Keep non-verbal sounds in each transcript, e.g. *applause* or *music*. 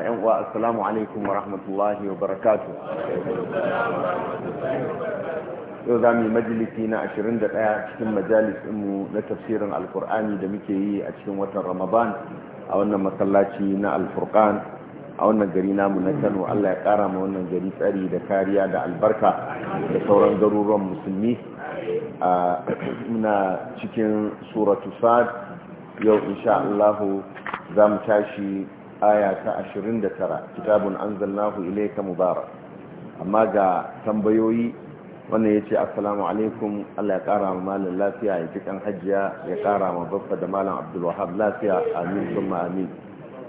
yan uwa assalamu alaikum wa rahmatullahi wa barakatu yau za mu yi majalisi na 21 cikin majalisinmu na tafsirin alkur'ani da muke yi a cikin watan ramadan a wannan masallaci na alfurkan a wannan gari namu na kano allah ya kara ma wannan gari tsari da kariya da albarka da sauran garuruwan musulmi a muna cikin suratu sa'ad yau insha allahu za mu tashi aya ta 29 kitabun anzalnahu ilayka mubarak amma ga tambayoyi wanda yace assalamu alaikum Allah ya kara ma malam lafiya ya cikin hajjia ya kara ma babba da malam Abdul Wahab lafiya amin kuma amin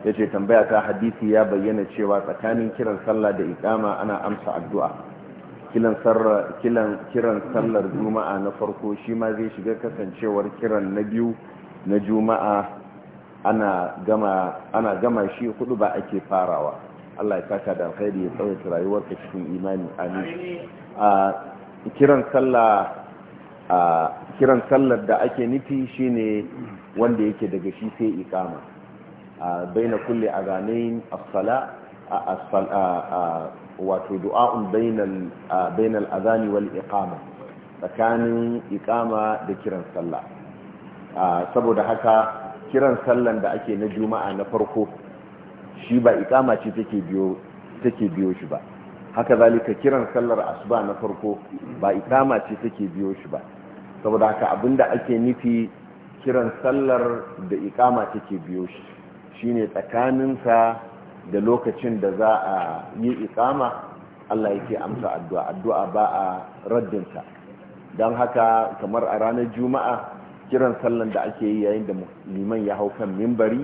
yace tambaya ta hadisi ya bayyana cewa tsakanin kiran sallah da iqama ana amsa addu'a kiran sarra kiran kiran sallar juma'a na farko shi ma zai shiga kasancewar kiran na biyu na juma'a ana gama shi hudu ba ake farawa Allah ya saka da alkhairi ya rayuwar rayuwarka cikin imani amin a kiran sallah sallar da ake nufi shine wanda yake daga shi sai ikama a na kulli azanain as-sala wato du'a'un bainal bainal azani wal tsakanin iqama da kiran sallah saboda haka kiran sallan da ake na juma'a na farko shi ba ikama ce take biyo take biyo shi ba haka zalika kiran sallar asuba na farko ba ikama ce take biyo shi ba saboda haka abinda ake nufi kiran sallar da ikama take biyo shi shine sa da lokacin da za a yi ikama Allah yake amsa addu'a addu'a ba a raddinsa don haka kamar a ranar juma'a kiran sallan da ake yi yayin da liman ya hau kan mimbari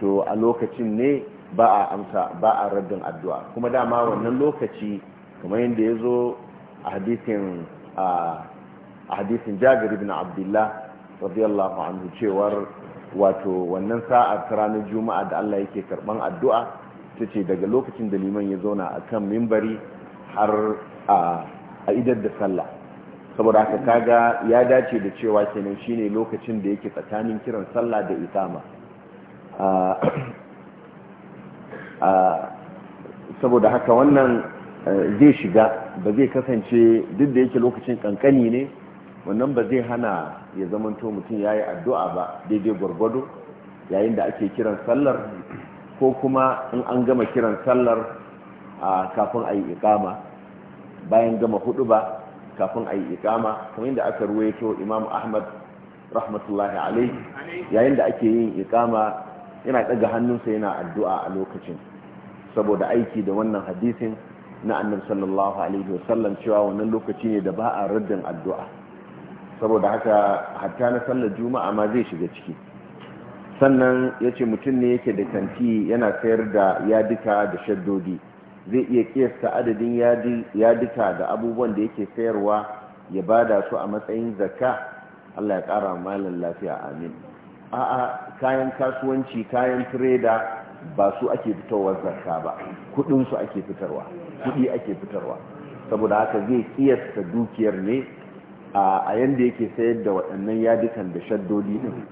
to a lokacin ne ba a amsa ba a raddin addu'a kuma dama wannan lokaci kamar yadda ya zo a hadisin a jabir ibn abdullah radiyallahu anhu cewar wato wannan sa'ar ta ranar juma'a da Allah yake karban addu'a ta ce daga lokacin da liman ya zauna a kan mimbari har a idar da sallah saboda haka kaga ya dace da cewa kenan shine lokacin da yake tsakanin kiran sallah da ikama ah, *coughs* ah, saboda haka wannan eh, zai shiga ba zai kasance duk da yake lokacin kankani ne wannan ba zai hana ya zamanto mutum ya yi addu'a ba daidai gwargwado yayin da ake kiran sallar ko kuma in an gama kiran sallar ah, kafin a yi ikama bayan gama hudu ba kafin a yi ikama kamar yadda aka ruwaito imam ahmad rahmatullahi alai yayin da ake yin ikama yana ɗaga hannunsa yana addu'a a lokacin saboda aiki da wannan hadisin na annabi sallallahu alaihi wasallam cewa wannan lokaci ne da ba a raddin addu'a saboda haka hatta na sallar juma'a ma zai shiga ciki sannan ya ce mutum ne yake da kanti yana sayar da yadika da shaddodi zai iya kiyasta adadin yadika da abubuwan da yake sayarwa ya bada su a matsayin zakka Allah ya ƙara malin lafiya amin a'a kayan kasuwanci kayan tireda ba su ake fitowa zakka ba kudinsu ake fitarwa kudi ake fitarwa saboda haka zai kiyasta dukiyar ne a yanda yake sayar da waɗannan yadikan da shaddodi din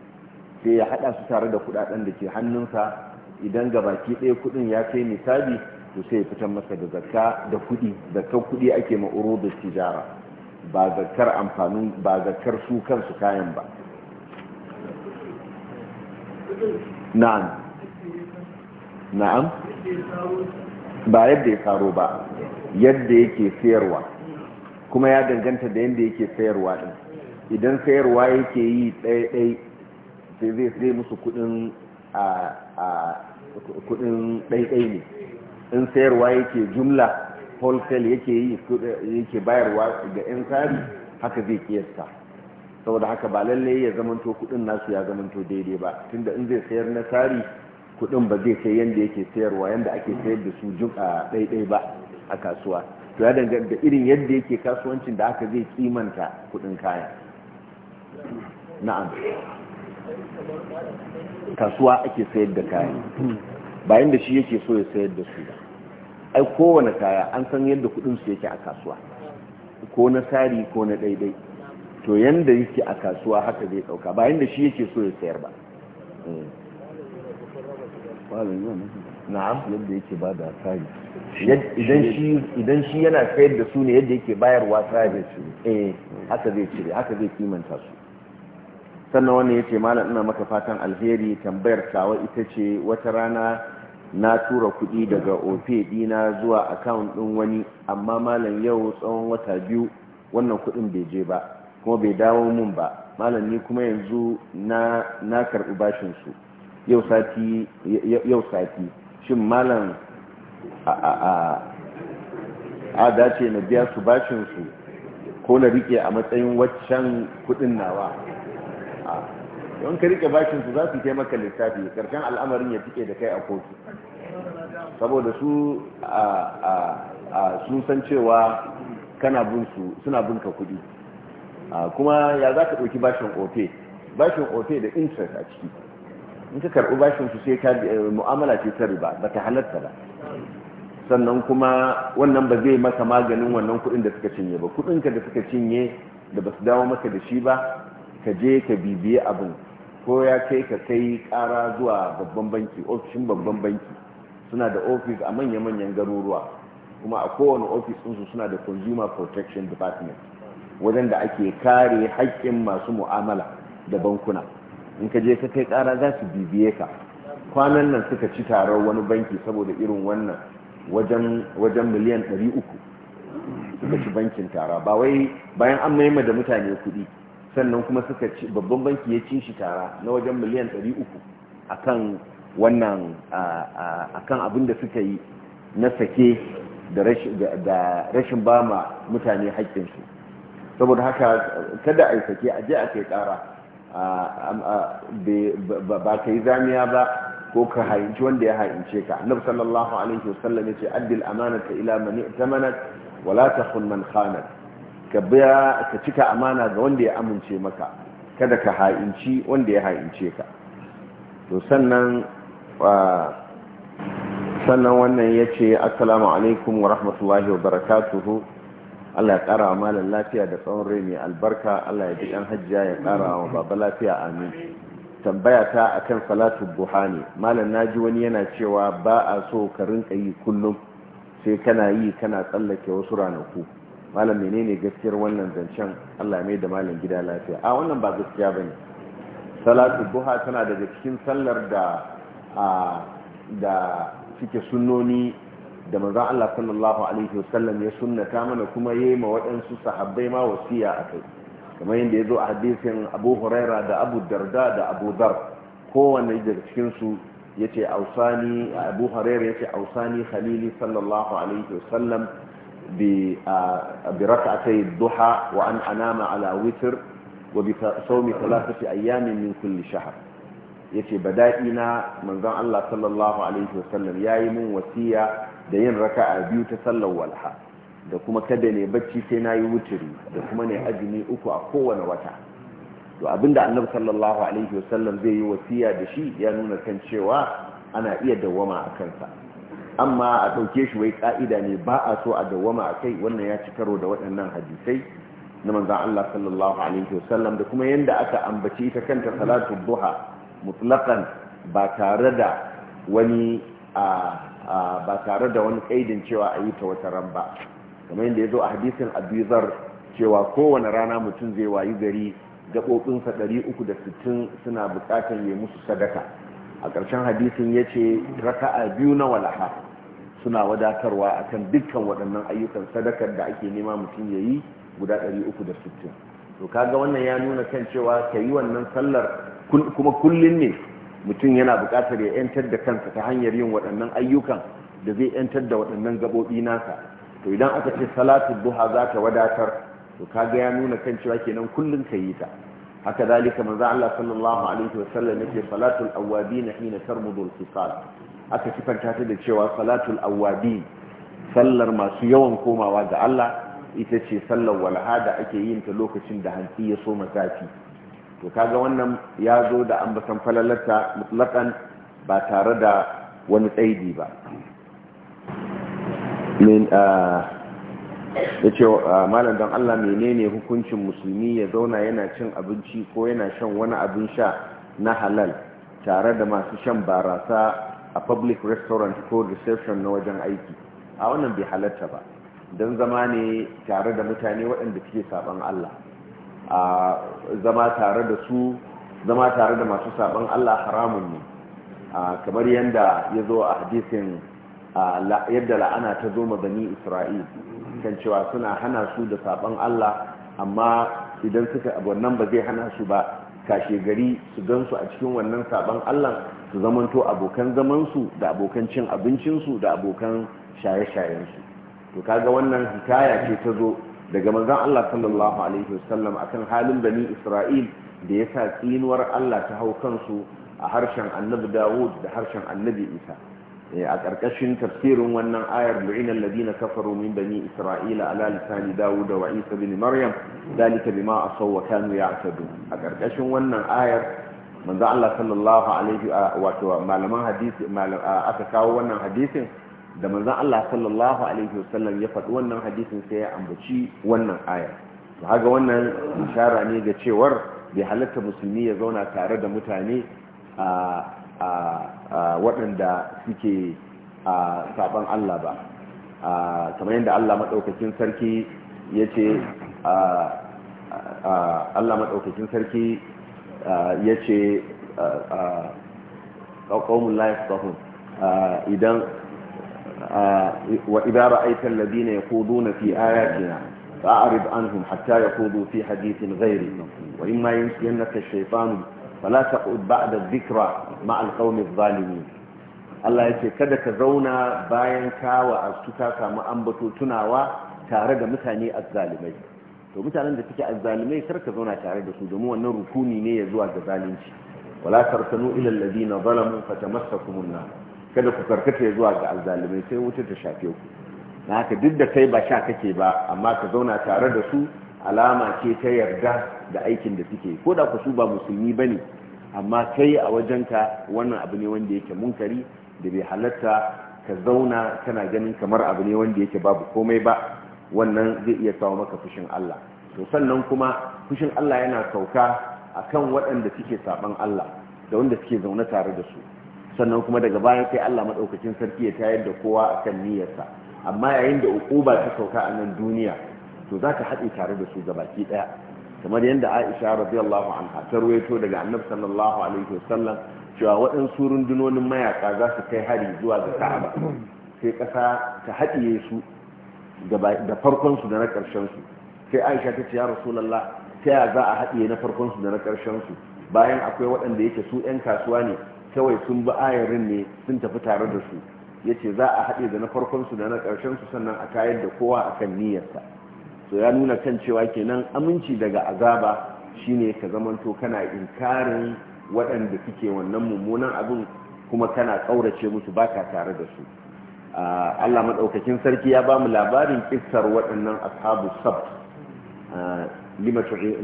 sai ya haɗa su tare da kudaden da ke hannunsa idan gabaki ɗaya kudin ya kai misali to sai ya fitar masa da zakka da kuɗi zakkar kuɗi ake ma urudus tijara ba zakkar amfanin ba zakkar su kansu kayan ba na'am na'am ba yadda ya faro ba yadda yake sayarwa kuma ya danganta da yadda yake sayarwa din idan sayarwa yake yi ɗai-ɗai sai zai musu kudin a kudin ɗaiɗai ne in sayarwa yake jumla wholesale yake yi yake bayarwa ga 'yan tsari haka zai kiyasta saboda haka ba lalle ya zamanto kudin nasu ya zamanto daidai ba tunda in zai sayar na tsari kudin ba zai kai yanda yake sayarwa yanda ake sayar da su jun a daidai ba a kasuwa to ya danganta irin yadda yake kasuwancin da haka zai kimanta kudin kaya na'am kasuwa ake sayar da kaya ba da shi yake so ya sayar da su ba ai kowane kaya an san yadda kudin su yake a kasuwa ko na sari ko na daidai to yanda yake a kasuwa haka zai dauka ba da shi yake so ya sayar ba hmm. na'am yadda yake ba da sari idan shi yana sayar da su ne yadda yake bayarwa sari eh haka zai cire haka zai kimanta su sannan ya ce malam ina maka fatan alheri tambayar tawa ita ce wata rana na tura kuɗi daga ofe dina zuwa akawun ɗin wani amma malam yau tsawon wata biyu wannan kuɗin bai je ba kuma bai dawo mun ba malam ni kuma yanzu na karbi karɓi bashin su yau sati shin malam a dace na biya su bashin su ko na rike a matsayin waccan kuɗin nawa don ka rike bashin su za su kai maka littafi karshen al'amarin ya cike da kai a kotu saboda su a sun san cewa kana bin su suna bin ka kuɗi kuma ya za ka ɗauki bashin ofe bashin ofe da interest a ciki in ka karɓi bashin su sai ka eh, mu'amala ce ta riba ba ta halatta ba sannan kuma wannan ba zai maka maganin wannan kuɗin da suka cinye ba kuɗinka da suka cinye da ba su dawo maka da shi ba ka je ka bibiye abin ko ya kai ka kai kara zuwa babban banki ofishin babban banki suna da ofis a manya-manyan garuruwa kuma a kowane ofis ɗinsu suna da consumer protection department wajen da ake kare haƙƙin masu mu'amala da bankuna in ka je ka kai kara za su bibiye ka kwanan nan suka ci taron wani banki saboda irin wannan wajen miliyan 300 suka ci bankin tara ba bayan an maima da mutane kuɗi sannan kuma suka ci babban banki ya ci shi tara na wajen miliyan 300 akan wannan akan abin da suka yi na sake da rashin ba ma mutane haƙƙinsu saboda haka kada a yi sake a je a kai ƙara ba ka yi zamiya ba ko ka hainci wanda ya haince ka annabi sallallahu alaihi wasallam yace addil amanata ila man i'tamanat wala takhun man khanat ka biya ka cika amana ga wanda ya amince maka kada ka ha'inci wanda ya ha'ince ka to sannan sannan wannan ya ce assalamu alaikum wa rahmatullahi wa barakatuhu Allah ya ƙara wa malam lafiya da tsawon rai mai albarka Allah ya ji ɗan hajjiya ya ƙara wa baba lafiya amin tambaya ta akan salatu buha ne malam na ji wani yana cewa ba a so ka rinka yi kullum sai kana yi kana tsallake wasu ranaku malam menene gaskiyar wannan zancen Allah mai da malam gida lafiya a wannan ba gaskiya bane salatu duha tana daga cikin sallar da da suke sunnoni da manzon Allah sallallahu alaihi wasallam ya sunnata mana kuma yayi ma waɗansu sahabbai ma wasiya akai kamar yadda ya zo a hadisin Abu Huraira da Abu Darda da Abu Dar kowanne daga cikin su yace ausani Abu Huraira yace ausani Khalili sallallahu alaihi wasallam بركعتي الضحى وأن أنام على وتر وبصوم ثلاثة أيام من كل شهر yace bada'ina manzon Allah sallallahu alaihi wasallam yayi mun wasiya da yin raka'a biyu ta sallar walha da kuma kada ne bacci sai nayi wuturi da kuma ne azumi uku a kowane wata to abinda annabi sallallahu alaihi wasallam zai yi wasiya da shi ya nuna kan cewa ana iya dawwama a kansa amma a ɗauke shi wai ƙa'ida ne ba a so a dawwama a kai wannan ya ci karo da waɗannan hadisai na manzan Allah sallallahu alaihi wasallam da kuma yadda aka ambaci ita kanta salatu duha mutlaƙan ba tare da wani ba tare cewa a yi ta wata ran ba kamar yadda ya zo a hadisin abizar cewa kowane rana mutum zai wayi gari gaɓoɓinsa 360 suna buƙatar ya musu sadaka a ƙarshen hadisin ya ce raka'a biyu na walaha suna wadatarwa a kan dukkan waɗannan ayyukan sadakar da ake nema mutum ya yi guda 360 to kaga wannan ya nuna kan cewa ka yi wannan sallar kuma kullum ne mutum yana buƙatar ya 'yantar da kansa ta hanyar yin waɗannan ayyukan da zai 'yantar da waɗannan gaɓoɓi nasa to idan aka ce salatu duha za ta wadatar to kaga ya nuna kan cewa kenan kullum ka yi ta haka zalika manzo Allah sallallahu alaihi falatul yake salatul awabin hina tarmudu al-fisal aka sifanta ta da cewa salatul awabin sallar masu yawan komawa ga Allah ita ce sallar walha da ake yin ta lokacin da hantsi ya so zafi to kaga wannan ya zo da ambatan falalarta mutlakan ba tare da wani tsaidi ba min ah, ya ce ah, malam don allah menene hukuncin musulmi ya zauna yana cin abinci ko yana shan wani abin sha na halal tare da masu shan barasa a public restaurant ko reception na wajen aiki a wannan bai halatta ba don zama ne tare da mutane waɗanda suke saban allah a zama tare da su zama tare da masu saban allah haramun ne kamar yadda ya zo a hadisin yadda la'ana ta zo ma bani isra'il kan cewa suna hana su da saban Allah amma idan suka wannan ba zai hana su ba kashe gari su gansu a cikin wannan saban Allah su zamanto abokan zaman su da abokan cin abincin su da abokan shaye shayen su to kaga wannan hikaya ce ta zo daga manzon Allah sallallahu alaihi wasallam akan halin bani Isra'il da ya sa tsinuwar Allah ta hau kansu a harshen annabi Dawud da harshen annabi Isa Eh, a ƙarƙashin tafsirin wannan ayar lu'ina alladhina kafaru min bani isra'ila ala lisani dawud wa isa bin maryam dalika bima asaw wa kanu ya'tadu a ƙarƙashin wannan ayar manzo Allah sallallahu alaihi wato malaman hadisi aka kawo wannan hadisin da manzo Allah sallallahu alaihi wasallam ya faɗi wannan hadisin sai ya ambaci wannan ayar to haga wannan ishara ne ga cewar bai halatta musulmi ya zauna tare da mutane a waɗanda suke saban Allah ba kamar yadda Allah maɗaukakin sarki ya ce Allah maɗaukakin sarki ya ce ƙauƙaunin laifin idan wa idara aikin labina ya kodo na fi ayatina an hun, hatta ya kodo fi hadithin gairi wa in ma yin naka shaifanu fala taqud ba'da dhikra ma alqawmi adh-dhalimin Allah yake kada ka zauna bayan kawa a ka samu ambato tunawa tare da mutane azzalimai to mutanen da suke azzalimai kar ka zauna tare da su domin wannan rukuni ne ya zuwa ga zalunci wala tarkanu ila alladhina zalamu fatamassakumun kada ku karkata zuwa ga azzalimai sai wuta ta shafe ku na haka duk da kai ba sha kake ba amma ka zauna tare da su alama ce ta yarda da aikin da suke ko da ku su ba musulmi bane amma kai a wajenka wannan abu ne wanda yake munkari da bai halatta ka zauna kana ganin kamar abu ne wanda yake babu komai ba wannan zai iya kawo maka fushin Allah to sannan kuma fushin Allah yana sauka akan waɗanda suke saban Allah da wanda suke zaune tare da su sannan kuma daga bayan sai Allah madaukakin sarki ya tayar da kowa akan niyyarsa amma yayin da ukuba ta sauka a nan duniya to zaka haɗe tare da su gabaki ɗaya kamar yadda aisha radiyallahu anha ta ruwaito daga annabi sallallahu alaihi wasallam cewa waɗansu rundunonin mayaka za su kai hari zuwa ga ka'aba sai ƙasa ta haɗiye su da farkon da na ƙarshen su sai aisha ta ce ya rasulullah ta ya za a haɗiye na farkon da na ƙarshen su bayan akwai waɗanda yake su 'yan kasuwa ne kawai sun bi ayarin ne sun tafi tare da su yace za a haɗe da na farkon da na ƙarshen su sannan a tayar da kowa a kan niyyarsa to ya nuna kan cewa kenan aminci daga azaba shine ka zamanto kana inkarin waɗanda suke wannan mummunan abin kuma kana ƙaurace musu baka tare da su Allah maɗaukacin sarki ya ba mu labarin ƙistar waɗannan ashabu sab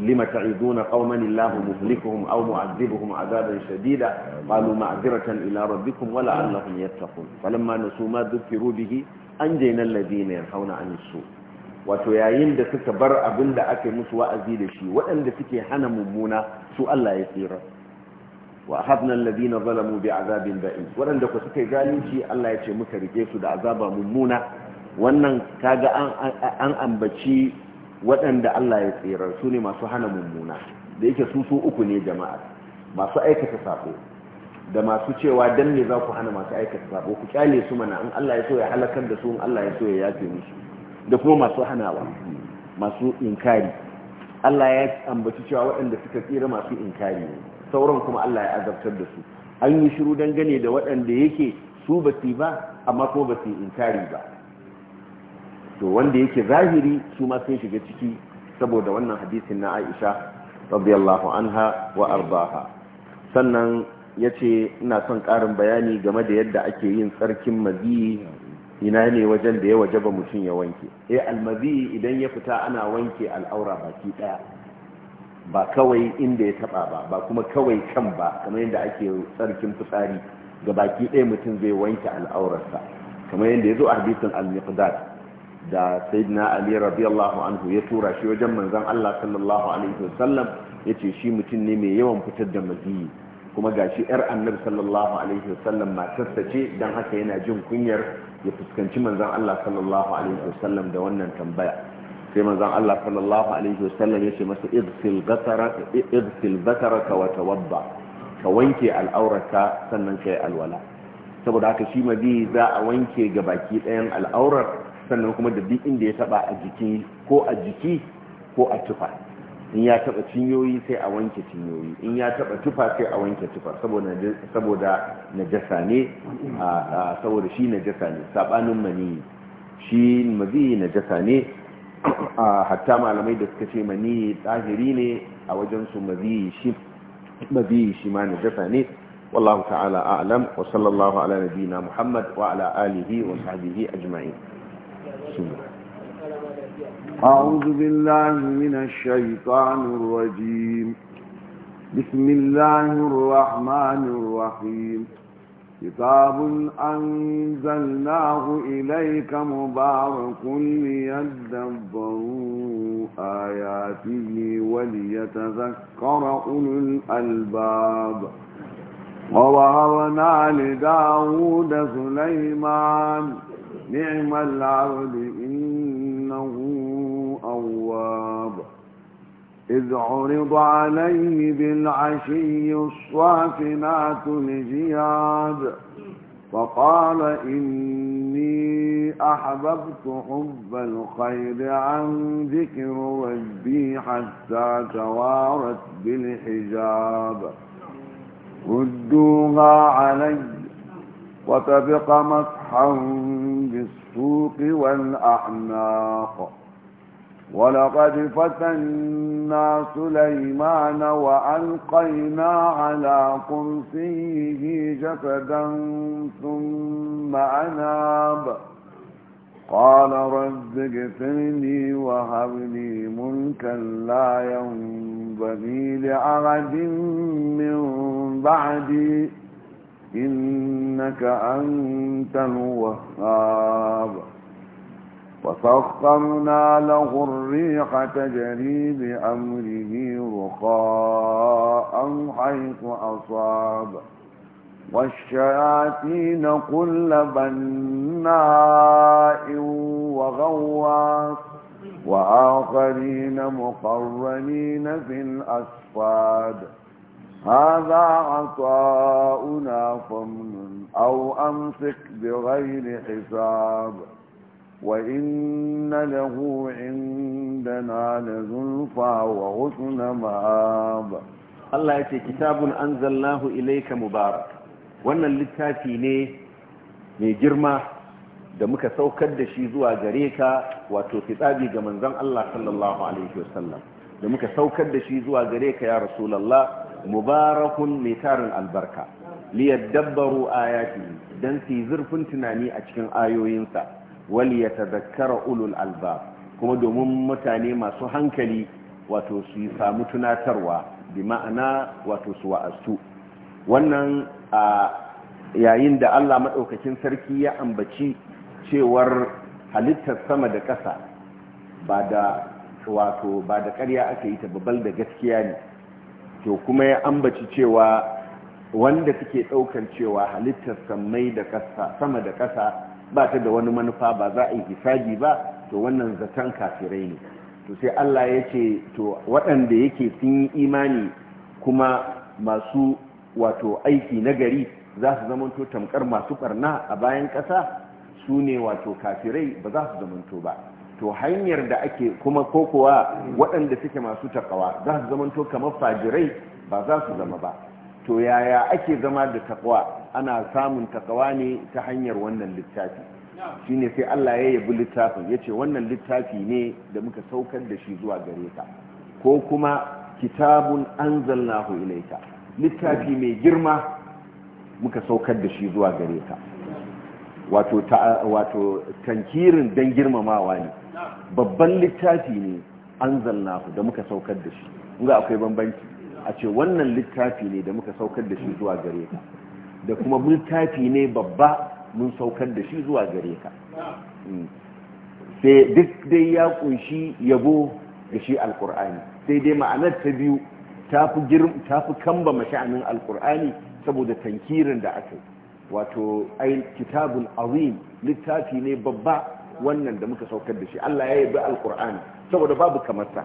lima ta'iduna qauman illahu muhlikuhum aw mu'adhibuhum azaban shadida qalu ma'dhiratan ila rabbikum wa la'allahum yattaqun falamma nasu ma dhukiru bihi anjayna alladhina yanhauna 'anil su' wato yayin da suka bar abin da aka yi musu wa'azi da shi waɗanda suke hana mummuna su Allah ya tsira wa ahabna alladhina zalamu azabin ba'id waɗanda ku suka yi zalunci Allah ya ce muka rike su da azaba mummuna wannan kaga an an ambaci waɗanda Allah ya tsira su ne masu hana mummuna da yake su su uku ne jama'a masu aikata sako da masu cewa dan ne za ku hana masu aikata sako ku kyale su mana in Allah ya so ya halakar da su in Allah ya so ya yafe musu da kuma masu hanawa masu inkari Allah ya ambaci cewa waɗanda suka tsira masu inkari ne sauran kuma Allah ya azabtar da su an yi shiru dangane da waɗanda yake su ba su ba amma kuma ba su inkari ba to wanda yake zahiri su ma sun shiga ciki saboda wannan hadisin na Aisha radiyallahu anha wa ardaha sannan yace ina son karin bayani game da yadda ake yin tsarkin maziyi ina ne wajen da ya waje ba mutum ya wanke e almazi idan ya fita ana wanke al'aura baki daya ba kawai inda ya taba ba ba kuma kawai kan ba kamar yadda ake tsarkin fitsari ga baki daya mutum zai wanke al'aurarsa kamar yadda ya zo a hadisin al-miqdad da sayyidina ali radiyallahu anhu ya tura shi wajen manzon Allah sallallahu alaihi wasallam yace shi mutum ne mai yawan fitar da maziyi kuma gashi yar annabi sallallahu alaihi wasallam matarsa ce dan haka yana jin kunyar ya fuskanci manzan Allah sallallahu alaihi wasallam da wannan tambaya sai manzan Allah sallallahu alaihi wasallam ya ce masa idsil gatara wa ka wanke al'aurata sannan kai alwala saboda haka shi mabi za a wanke ga baki ɗayan al'aurar sannan kuma da duk inda ya taba a jiki ko a jiki ko a tufa in ya taba cinyoyi sai a wanke cinyoyi in ya taba tufa sai a wanke tufa saboda najasa ne saboda shi najasa ne sabanin mani shi mazi najasa ne hatta malamai da suka ce mani tsahiri ne a wajen su mazi shi mazi shi ma najasa ne wallahu ta'ala a'lam wa sallallahu ala nabiyina muhammad wa ala alihi wa sahbihi ajma'in أعوذ بالله من الشيطان الرجيم بسم الله الرحمن الرحيم كتاب أنزلناه إليك مبارك ليدبروا آياته وليتذكر أولو الألباب ووهبنا لداود سليمان نعم العبد إنه إذ عرض عليه بالعشي الصافنات الجياد فقال إني أحببت حب الخير عن ذكر ربي حتى توارت بالحجاب ردوها علي وتبق مسحا بالسوق والأعناق ولقد فتنا سليمان وألقينا على قرسيه جسدا ثم أناب قال رب اغفر لي وهب لي ملكا لا ينبغي لأحد من بعدي إنك أنت الوهاب وسخرنا له الريح تجري بأمره رخاء حيث أصاب والشياطين كل بناء وغواص وآخرين مقرنين في الأسفاد هذا عطاؤنا فمن أو أمسك بغير حساب وإن له عندنا لزلفى وغسن مآب الله يتي كتاب أنزل الله إليك مبارك وأن اللتافي ليه mai girma da muka saukar da shi zuwa gare ka wato fitsabi ga manzon Allah sallallahu alaihi wasallam da muka saukar da shi zuwa gare ka ya rasulullah mubarakun mai tarin albarka liyadabbaru ayati dan su zurfin tunani a cikin ayoyinsa wali ya tazakkara ulul alba kuma domin mutane masu hankali wato su samu tunatarwa bi ma'ana wato su wa'asu. wannan a yayin da Allah maɗaukakin sarki ya ambaci cewar halittar sama da ƙasa ba da wato ba da ƙarya aka yi ta babal da gaskiya ne to kuma ya ambaci cewa wanda suke ɗaukar cewa halittar samai da ƙasa sama da ƙasa ba ta da wani manufa ba za a yi hisabi ba to wannan zaton kafirai ne to sai Allah ya ce to waɗanda yake sun yi imani kuma masu wato aiki nagari za su zamanto tamkar masu barna a bayan ƙasa su ne wato kafirai ba za su zamanto ba to hanyar da ake kuma kokowa waɗanda suke masu takawa za su zamanto kamar fajirai ba za su zama ba to yaya ake zama da takawa ana samun takawa ne ta hanyar wannan littafi shine sai Allah ya yabi littafin yace wannan littafi ne da muka saukar da shi zuwa gare ka ko kuma kitabun anzalnahu ilayka littafi mai girma muka saukar da shi zuwa gare ka wato tankirin dan girmamawa ne babban littafi ne anzalnahu da muka saukar da shi ga akwai bambanci a ce wannan littafi ne da muka saukar da shi zuwa gare ka da kuma littafi ne babba mun saukar da shi zuwa gare ka mm. sai duk dai ya kunshi yabo da shi alkur'ani sai dai ma'anar ta biyu ta fi kamba masha'anin alkur'ani saboda tankirin da aka yi wato ai kitabun azim littafi ne babba wannan da muka saukar da shi Allah ya bi alkur'ani saboda babu kamar sa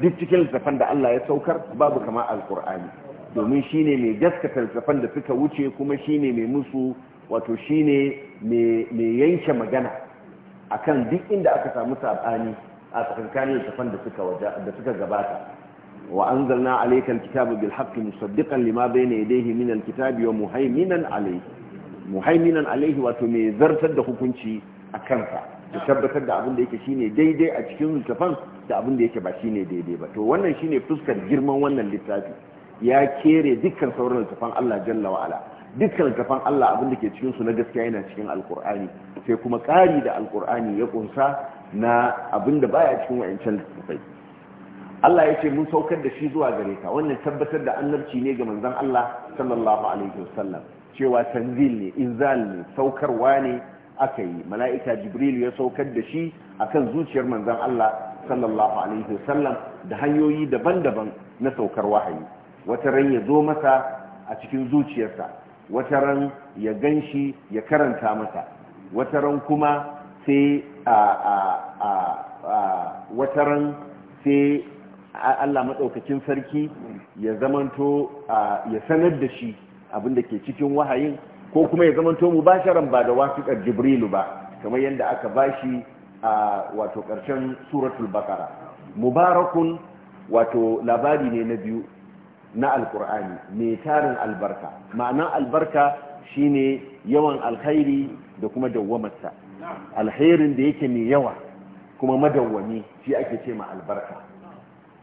duk cikin littafin da Allah ya saukar babu kamar alkur'ani domin shi ne mai gaskatar littafan da suka wuce kuma shi ne mai musu wato shi ne mai yanke magana a kan duk inda aka samu sabani a tsakankanin littafan da suka gabata wa zarna alayka kitabu bil haqqi musaddiƙan lima na yadayhi minan alkitabi wa muhaiminan alaihi wato mai zartar da hukunci a sa da tabbatar da abin da yake shine daidai a cikin littafan da abin da yake ba shine daidai ba to wannan shine fuskar girman wannan littafi ya kere dukkan sauran littafan Allah jalla wa ala dukkan littafan Allah abin da ke cikin su na gaskiya yana cikin alkur'ani sai kuma ƙari da alkur'ani ya kunsa na abin da baya cikin wayancan littafai Allah ya ce mun saukar da shi zuwa gare ka wannan tabbatar da annabci ne ga manzon Allah sallallahu alaihi wasallam cewa tanzil ne inzal ne saukarwa ne aka yi mala'ika jibril ya saukar da shi akan zuciyar manzon Allah sallallahu alaihi wasallam da hanyoyi daban-daban na saukar wahayi wata ran ya zo masa a cikin zuciyarsa wata ran ya shi ya karanta masa wata ran kuma sai a a a, wata ran sai Allah maɗaukakin sarki ya zamanto ya sanar da shi abinda ke cikin wahayin ko kuma ya zamanto mubasharan ba da wasiƙar jibrilu ba kamar yadda aka bashi a wato ƙarshen suratul baqara mubarakun wato labari ne na biyu na alkur'ani mai tarin albarka ma'anan albarka shine yawan alkhairi da kuma dawwamarsa alkhairin da yake mai yawa kuma madawwami shi ake ce ma albarka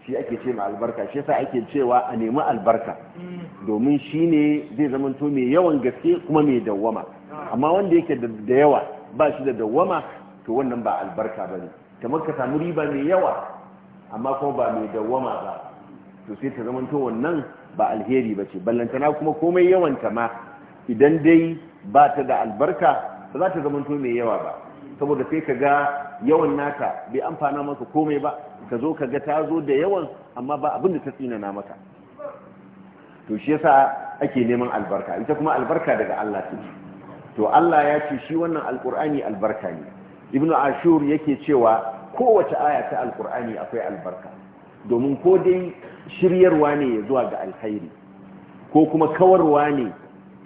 shi ake ce ma albarka shi yasa ake cewa a nemi albarka domin shine zai zama to mai yawan gaske kuma mai dawwama amma wanda yake da yawa ba shi da dawwama to wannan ba albarka bane kamar ka samu riba mai yawa amma kuma ba mai dawwama ba to sai ta zamanto wannan ba alheri ba ce ballantana kuma komai yawan ta ma idan dai ba ta da albarka ba za ta zamanto mai yawa ba saboda sai ka ga yawan naka bai amfana maka komai ba ka zo ka ga ta zo da yawan amma ba abin da ta tsina na maka to shi yasa ake neman albarka ita kuma albarka daga Allah ce to Allah ya ce shi wannan alkur'ani albarka ne ibnu ashur yake cewa kowace aya ta alkur'ani akwai albarka domin ko dai shiryarwa ne ya zuwa ga alkhairi ko kuma kawarwa ne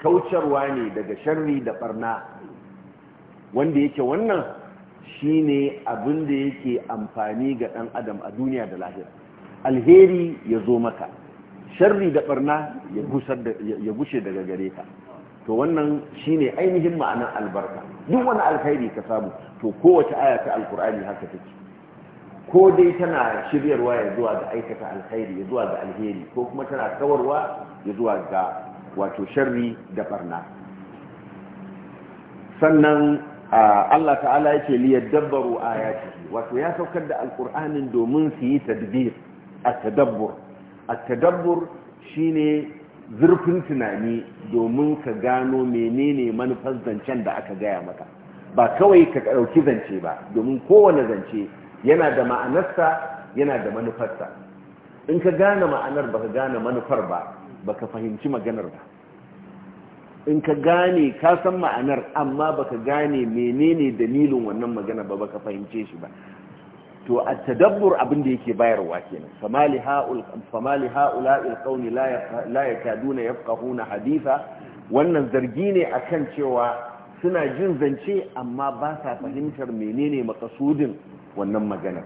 kaucarwa ne daga sharri da barna wanda yake wannan shine abin da yake amfani ga ɗan adam a duniya da lahira alheri ya zo maka sharri da barna ya gushe daga gare ka to wannan shine ainihin ma'anar albarka duk wani alkhairi ka samu to kowace aya ta alkur'ani haka take ko dai tana shiryarwa ya zuwa ga aikata alkhairi ya zuwa ga alheri ko kuma tana kawarwa ya zuwa ga wato sharri da barna sannan Allah ta'ala yake li yadabbaru ayatihi wato ya saukar da alqur'anin domin su yi tadbir at-tadabbur at-tadabbur shine zurfin tunani domin ka gano menene manufar zancen da aka gaya maka ba kawai ka ɗauki zance ba domin kowane zance yana da ma'anarsa yana da manufarsa in ka gane ma'anar ka gane manufar ba baka fahimci maganar ba in ka gane ka san ma'anar amma baka gane menene dalilin wannan magana ba ka fahimce shi ba to a tadabbur abin da yake bayarwa kenan famali haul famali haula alqawmi la yakaduna haditha wannan zargi ne akan cewa suna jin zance amma ba sa fahimtar menene makasudin wannan magana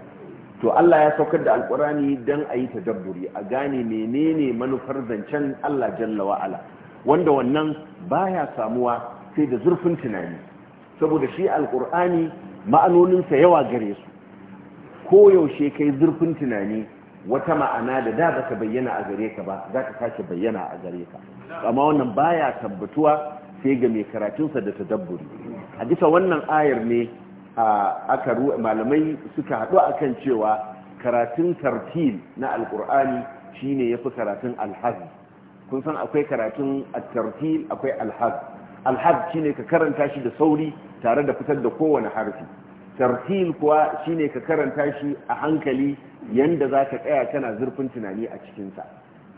to Allah ya saukar da alkurani dan a yi tadabburi a gane menene manufar zancen Allah jalla wa'ala wanda wannan baya samuwa sai da zurfin tunani saboda shi alkur'ani ma'anoninsa yawa gare su ko yaushe kai zurfin tunani wata ma'ana da da baka bayyana a gare ka ba za ka sake bayyana a gare ka amma wannan baya tabbatuwa sai ga mai karatunsa da tadabburi a bisa wannan ayar ne aka malamai suka haɗu akan cewa karatun tartil na alkur'ani shine yafi karatun alhaz kun san akwai karatun tartil akwai alhaz alhaz shine ka karanta shi da sauri tare da fitar da kowane harfi tartil kuwa shine ka karanta shi a hankali yanda ka tsaya kana zurfin tunani a cikinsa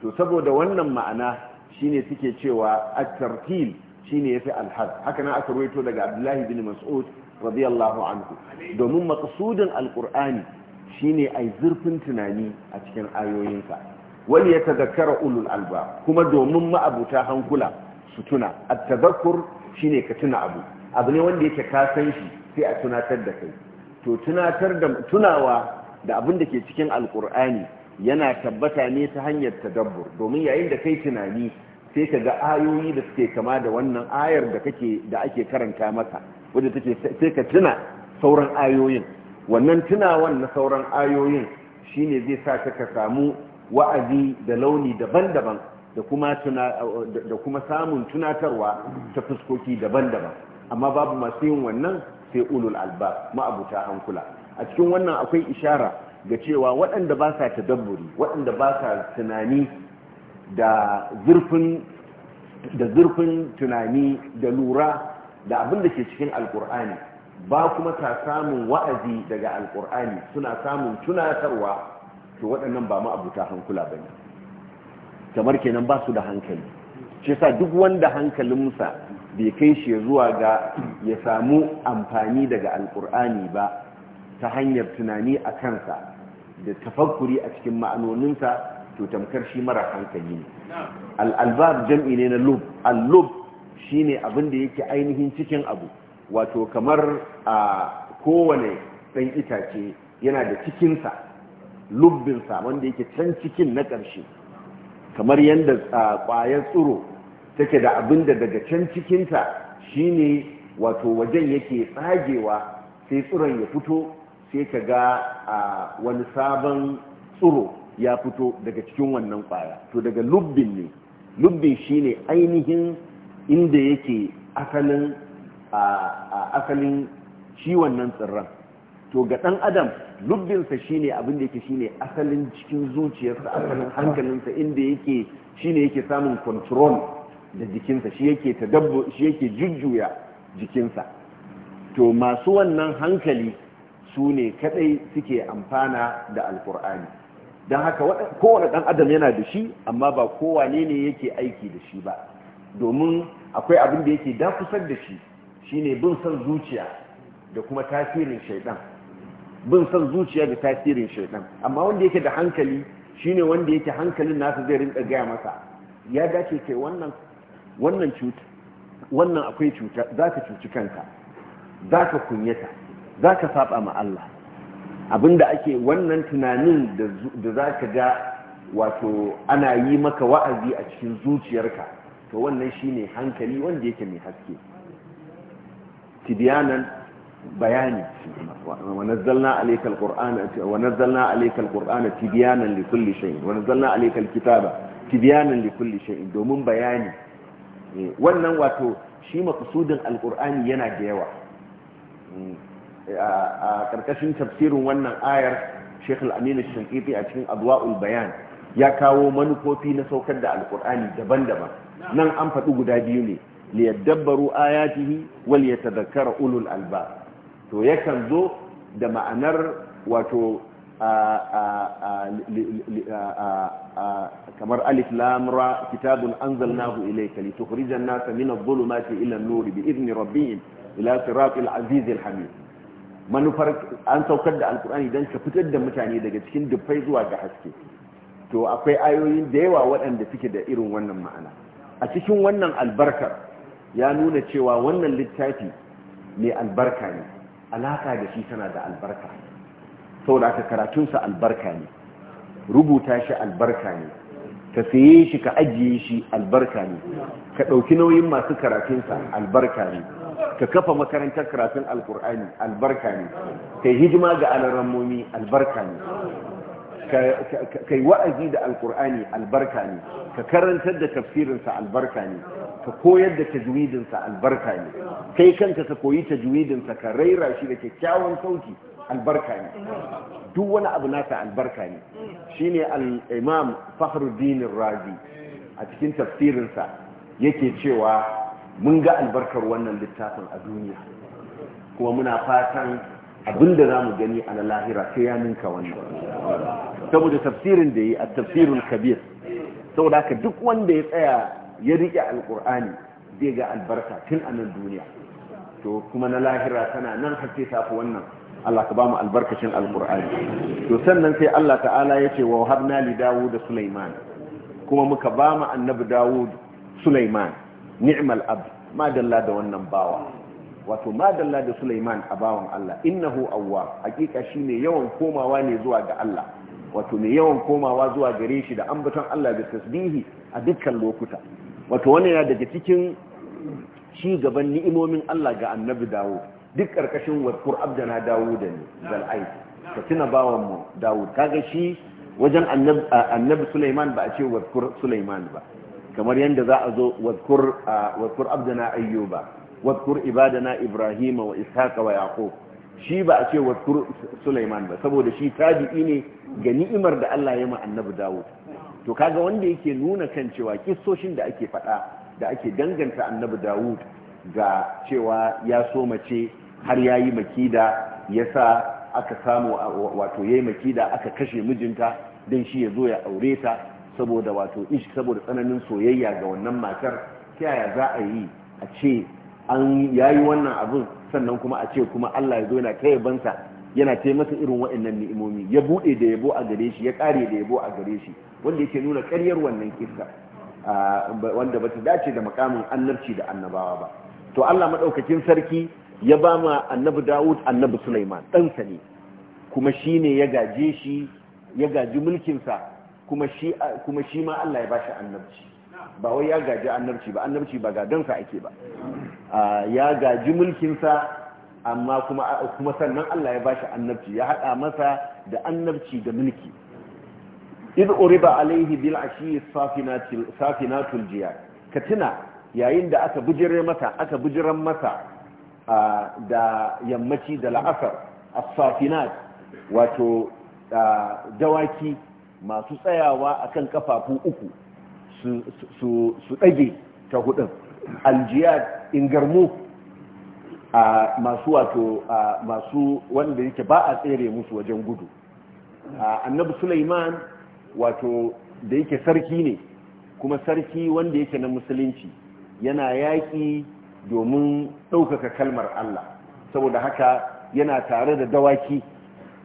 to saboda wannan ma'ana shine suke cewa at-tartil shine yafi alhaz haka nan aka ruwaito daga Abdullahi bin Mas'ud radiyallahu anhu domin maqsudin alqur'ani shine ai zurfin tunani a cikin ayoyinsa wal yatadhakkara ulul alba kuma domin ma'abuta hankula su tuna at-tadhakkur shine ka tuna abu abu ne wanda yake ka san shi sai a tunatar da kai to tunatar da tunawa da abin da ke cikin alqur'ani yana tabbata ne ta hanyar tadabbur domin yayin da kai tunani sai ka ga ayoyi da suke kama da wannan ayar da kake da ake karanta maka wadda take sai ka tuna sauran ayoyin wannan tunawan na sauran ayoyin shine zai sa ka samu wa'azi da launi daban-daban da kuma tuna da kuma samun tunatarwa ta fuskoki daban-daban amma babu masu yin wannan sai ulul albab ma'abuta hankula a cikin wannan akwai ishara ga cewa waɗanda ba sa tadabburi waɗanda ba sa tunani da zurfin da zurfin tunani da lura da abin da ke cikin alkur'ani ba kuma ta samun wa'azi daga alkur'ani suna samun tunatarwa to waɗannan ba ma abuta hankula ba ne kamar kenan ba su da hankali shi sa duk wanda hankalin hankalinsa bai kai shi zuwa ga ya samu amfani daga alkur'ani ba ta hanyar tunani a kansa da tafakkuri a cikin ma'anoninsa to tamkar shi mara hankali ne al'albar jam'i ne na lub allub shine abin da yake ainihin cikin abu wato kamar a kowane ɗan itace yana da cikinsa lubbinsa wanda yake can cikin na ƙarshe kamar yadda ƙwayar tsiro take da abin da daga can cikinta shine wato wajen yake tsagewa sai tsiron ya fito sai ka ga wani sabon tsiro ya fito daga cikin wannan ƙwaya to daga lubbin ne lubbin shine ainihin inda yake asalin asalin shi wannan tsirran to ga ɗan adam lubbinsa shine abin da yake shine asalin cikin zuciyarsa asalin hankalinsa inda yake shine yake samun control da jikinsa shi yake tadabbu shi yake jujjuya jikinsa to masu wannan hankali su ne kadai suke amfana da alkur'ani don haka kowane ɗan adam yana da shi amma ba kowane ne yake aiki da shi ba domin akwai abin da yake dakusar da shi shine bin son zuciya da kuma tasirin shaidan bin son zuciya da tasirin shaidan amma wanda yake da hankali shine wanda yake hankalin nasa zai rinka gaya masa ya dace kai wannan wannan cuta wannan akwai cuta za ka cuci kanka za ka kunyata za ka saba ma Allah abinda ake wannan tunanin da za ka ga wato ana yi maka wa'azi a cikin zuciyarka to wannan shine hankali wanda yake mai haske tibyanan bayani wa nazzalna alaykal qur'ana wa nazzalna alaykal qur'ana tibyanan li kulli shay'in wa nazzalna alaykal kitaba tibyanan li kulli shay'in domin bayani eh, wannan wato shi maqsudin alqur'ani yana da yawa eh, a karkashin tafsirin wannan ayar Sheikh Al-Amin Al-Shankiti a cikin Adwa'ul Bayan ya kawo manufofi na saukar da alqur'ani daban-daban nan an faɗi guda biyu ne liyadabbaru ayatihi wal yatadhakkara ulul alba to yakan zo da ma'anar wato kamar alif lam ra kitabun anzalnahu ilayka litukhrijan nasa min adh-dhulumati ila an-nur bi rabbihim ila siratil azizil hamid manufar an saukar da alkur'ani dan ka fitar da mutane daga cikin dufai zuwa ga haske to akwai ayoyin da yawa waɗanda suke da irin wannan ma'ana a cikin wannan albarkar ya nuna cewa wannan littafi mai albarka ne alaka da shi tana da albarka Sau saboda aka karatunsa albarka ne rubuta shi albarka ne ka saye shi ka ajiye shi albarka ne ka ɗauki nauyin masu karatunsa albarka ne ka kafa makarantar karatun alkur'ani albarka ne ka yi hijima ga alarammomi albarka ne kai wa'azi da alkur'ani albarka ne ka karantar da tafsirinsa albarka ne ka koyar da tajwidinsa albarka ne kai kanka ka koyi tajwidinsa ka raira shi da kyakkyawan sauti albarka ne duk wani abu nasa albarka ne shine al-imam Fakhruddin Razi a cikin tafsirinsa yake cewa mun ga albarkar wannan littafin a duniya kuma muna fatan abinda zamu gani a lahira sai ya ninka wannan saboda tafsirin da yi a tafsirin kabir saboda haka duk wanda ya tsaya ya riƙe alƙur'ani zai ga albarka tun a nan duniya to kuma na lahira tana nan haske tafi tafi wannan Allah ka ba mu albarkacin alƙur'ani to sannan sai Allah ta'ala ya ce wa habna li dawud da sulaiman kuma muka ba mu annabi dawud sulaiman ni'mal ab ma dalla da wannan bawa wato madalla da Sulaiman a bawan Allah innahu awwa hakika shine yawan komawa ne zuwa ga Allah wato mai yawan komawa zuwa gare shi da ambaton Allah da tasbihi a dukkan lokuta wato wannan ya daga cikin ci gaban ni'imomin Allah ga annabi Dawud duk karkashin wadkur abdana Dawud ne zal'ai ka tuna bawan mu Dawud kaga shi wajen annabi Sulaiman ba a ce wadkur Sulaiman ba kamar yadda za a zo wadkur wadkur abdana Ayyuba wadkur ibadana Ibrahima wa Ishaqa wa Yaqub shi ba a ce wa Sulaiman ba saboda shi tabi'i ne ga ni'imar da Allah ya ma annabi Dawud to kaga wanda yake nuna kan cewa kissoshin da ake faɗa da ake danganta annabi Dawud ga cewa ya so mace har yayi makida ya sa aka samu wato yayi makida aka kashe mijinta dan shi ya zo ya aure ta saboda wato ish saboda tsananin soyayya ga wannan matar kiyaya za a yi a ce an yayi wannan abin sannan kuma a ce kuma Allah ya zo yana kai bansa yana kai masa irin waɗannan ni'imomi ya buɗe da yabo a gare shi ya ƙare da yabo a gare shi wanda yake nuna karyar wannan kissa wanda ba ta dace da makamin annabci da annabawa ba to Allah madaukakin sarki ya ba ma annabi Dawud annabi Sulaiman ɗansa ne kuma shi ne ya gaje shi ya gaji mulkinsa kuma shi kuma shi ma Allah ya ba shi annabci ba wai ya gaji annabci ba annabci ba sa ake ba ya gaji mulkinsa amma kuma sannan Allah ya bashi annabci ya haɗa masa da annabci da mulki Iz uriba alaihi bil ashi safinatul safinatul ka tuna yayin da aka bujire masa aka bujiran masa da yammaci da la'asar as-safinat wato dawaki masu tsayawa akan kafafu uku su su ɗage ta hudun aljiyar ingarmu a masu wato masu wanda yake ba a tsere musu wajen gudu annabi suleiman wato da yake sarki ne kuma sarki wanda yake na musulunci yana yaƙi domin ɗaukaka kalmar Allah saboda haka yana tare da dawaki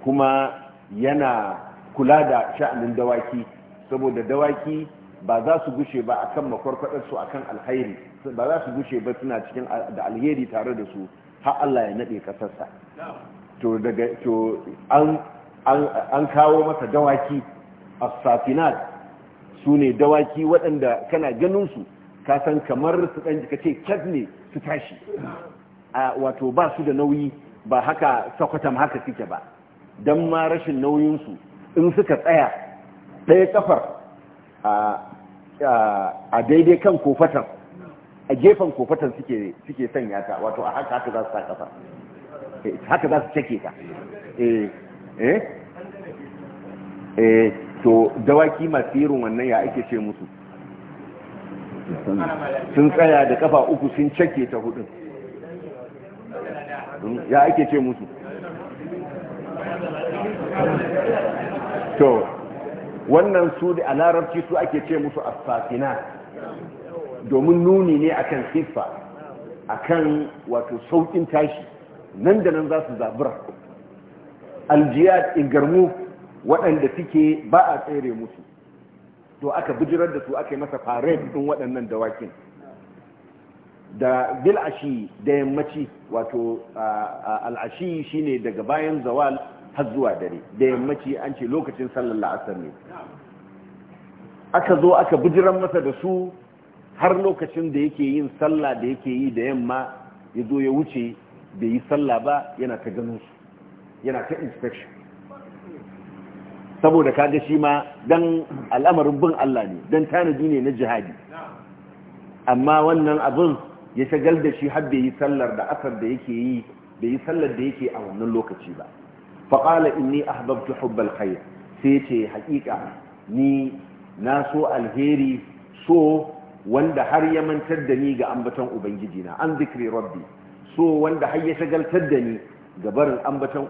kuma yana kula da sha'anin dawaki saboda dawaki ba za su gushe ba akan makwarkwadarsu akan alhairi ba za su gushe ba suna cikin da alheri tare da su har Allah ya nade kasarsa to daga to an an kawo masa dawaki as-safinat sune dawaki waɗanda kana ganin su ka san kamar su dan ce kyat ne su tashi wato ba su da nauyi ba haka sakwatam haka suke ba dan ma rashin nauyin su in suka tsaya ɗaya kafar a daidai kan kofatar. a gefen kofatan suke suke sanya ta wato a haka haka za su sa kafa eh, haka za su cake ta eh eh eh to dawaki masu irin wannan ya ake ce musu sun tsaya da kafa uku sun cake ta hudun ya ake ce musu to wannan su da a larabci su ake ce musu asfafina domin nuni ne akan siffa akan wato saukin tashi nan da nan za su zabura aljiyar ingarmu waɗanda suke ba a tsere musu to aka bijirar da su aka yi masa fare ɗin waɗannan dawakin da bil'ashi da yammaci wato al'ashi shine daga bayan zawal har zuwa dare da yammaci an ce lokacin sallar la'asar ne aka zo aka bijiran masa da su har lokacin da yake yin sallah da yake yi da yamma ya zo ya wuce bai yi sallah ba yana ta ganin su yana ta inspection saboda kaga shi ma don al'amarin bin Allah ne don tanadi ne na jihadi amma wannan abin ya shagal da shi har bai yi sallar da asar da yake yi bai yi sallar da yake a wannan lokaci ba faƙala inni ahbabtu hubbal kai sai ce haƙiƙa ni na so alheri so wanda har ya mantar da ni ga ambaton ubangijina an zikri rabbi so wanda har ya shagaltar da ni ga barin ambaton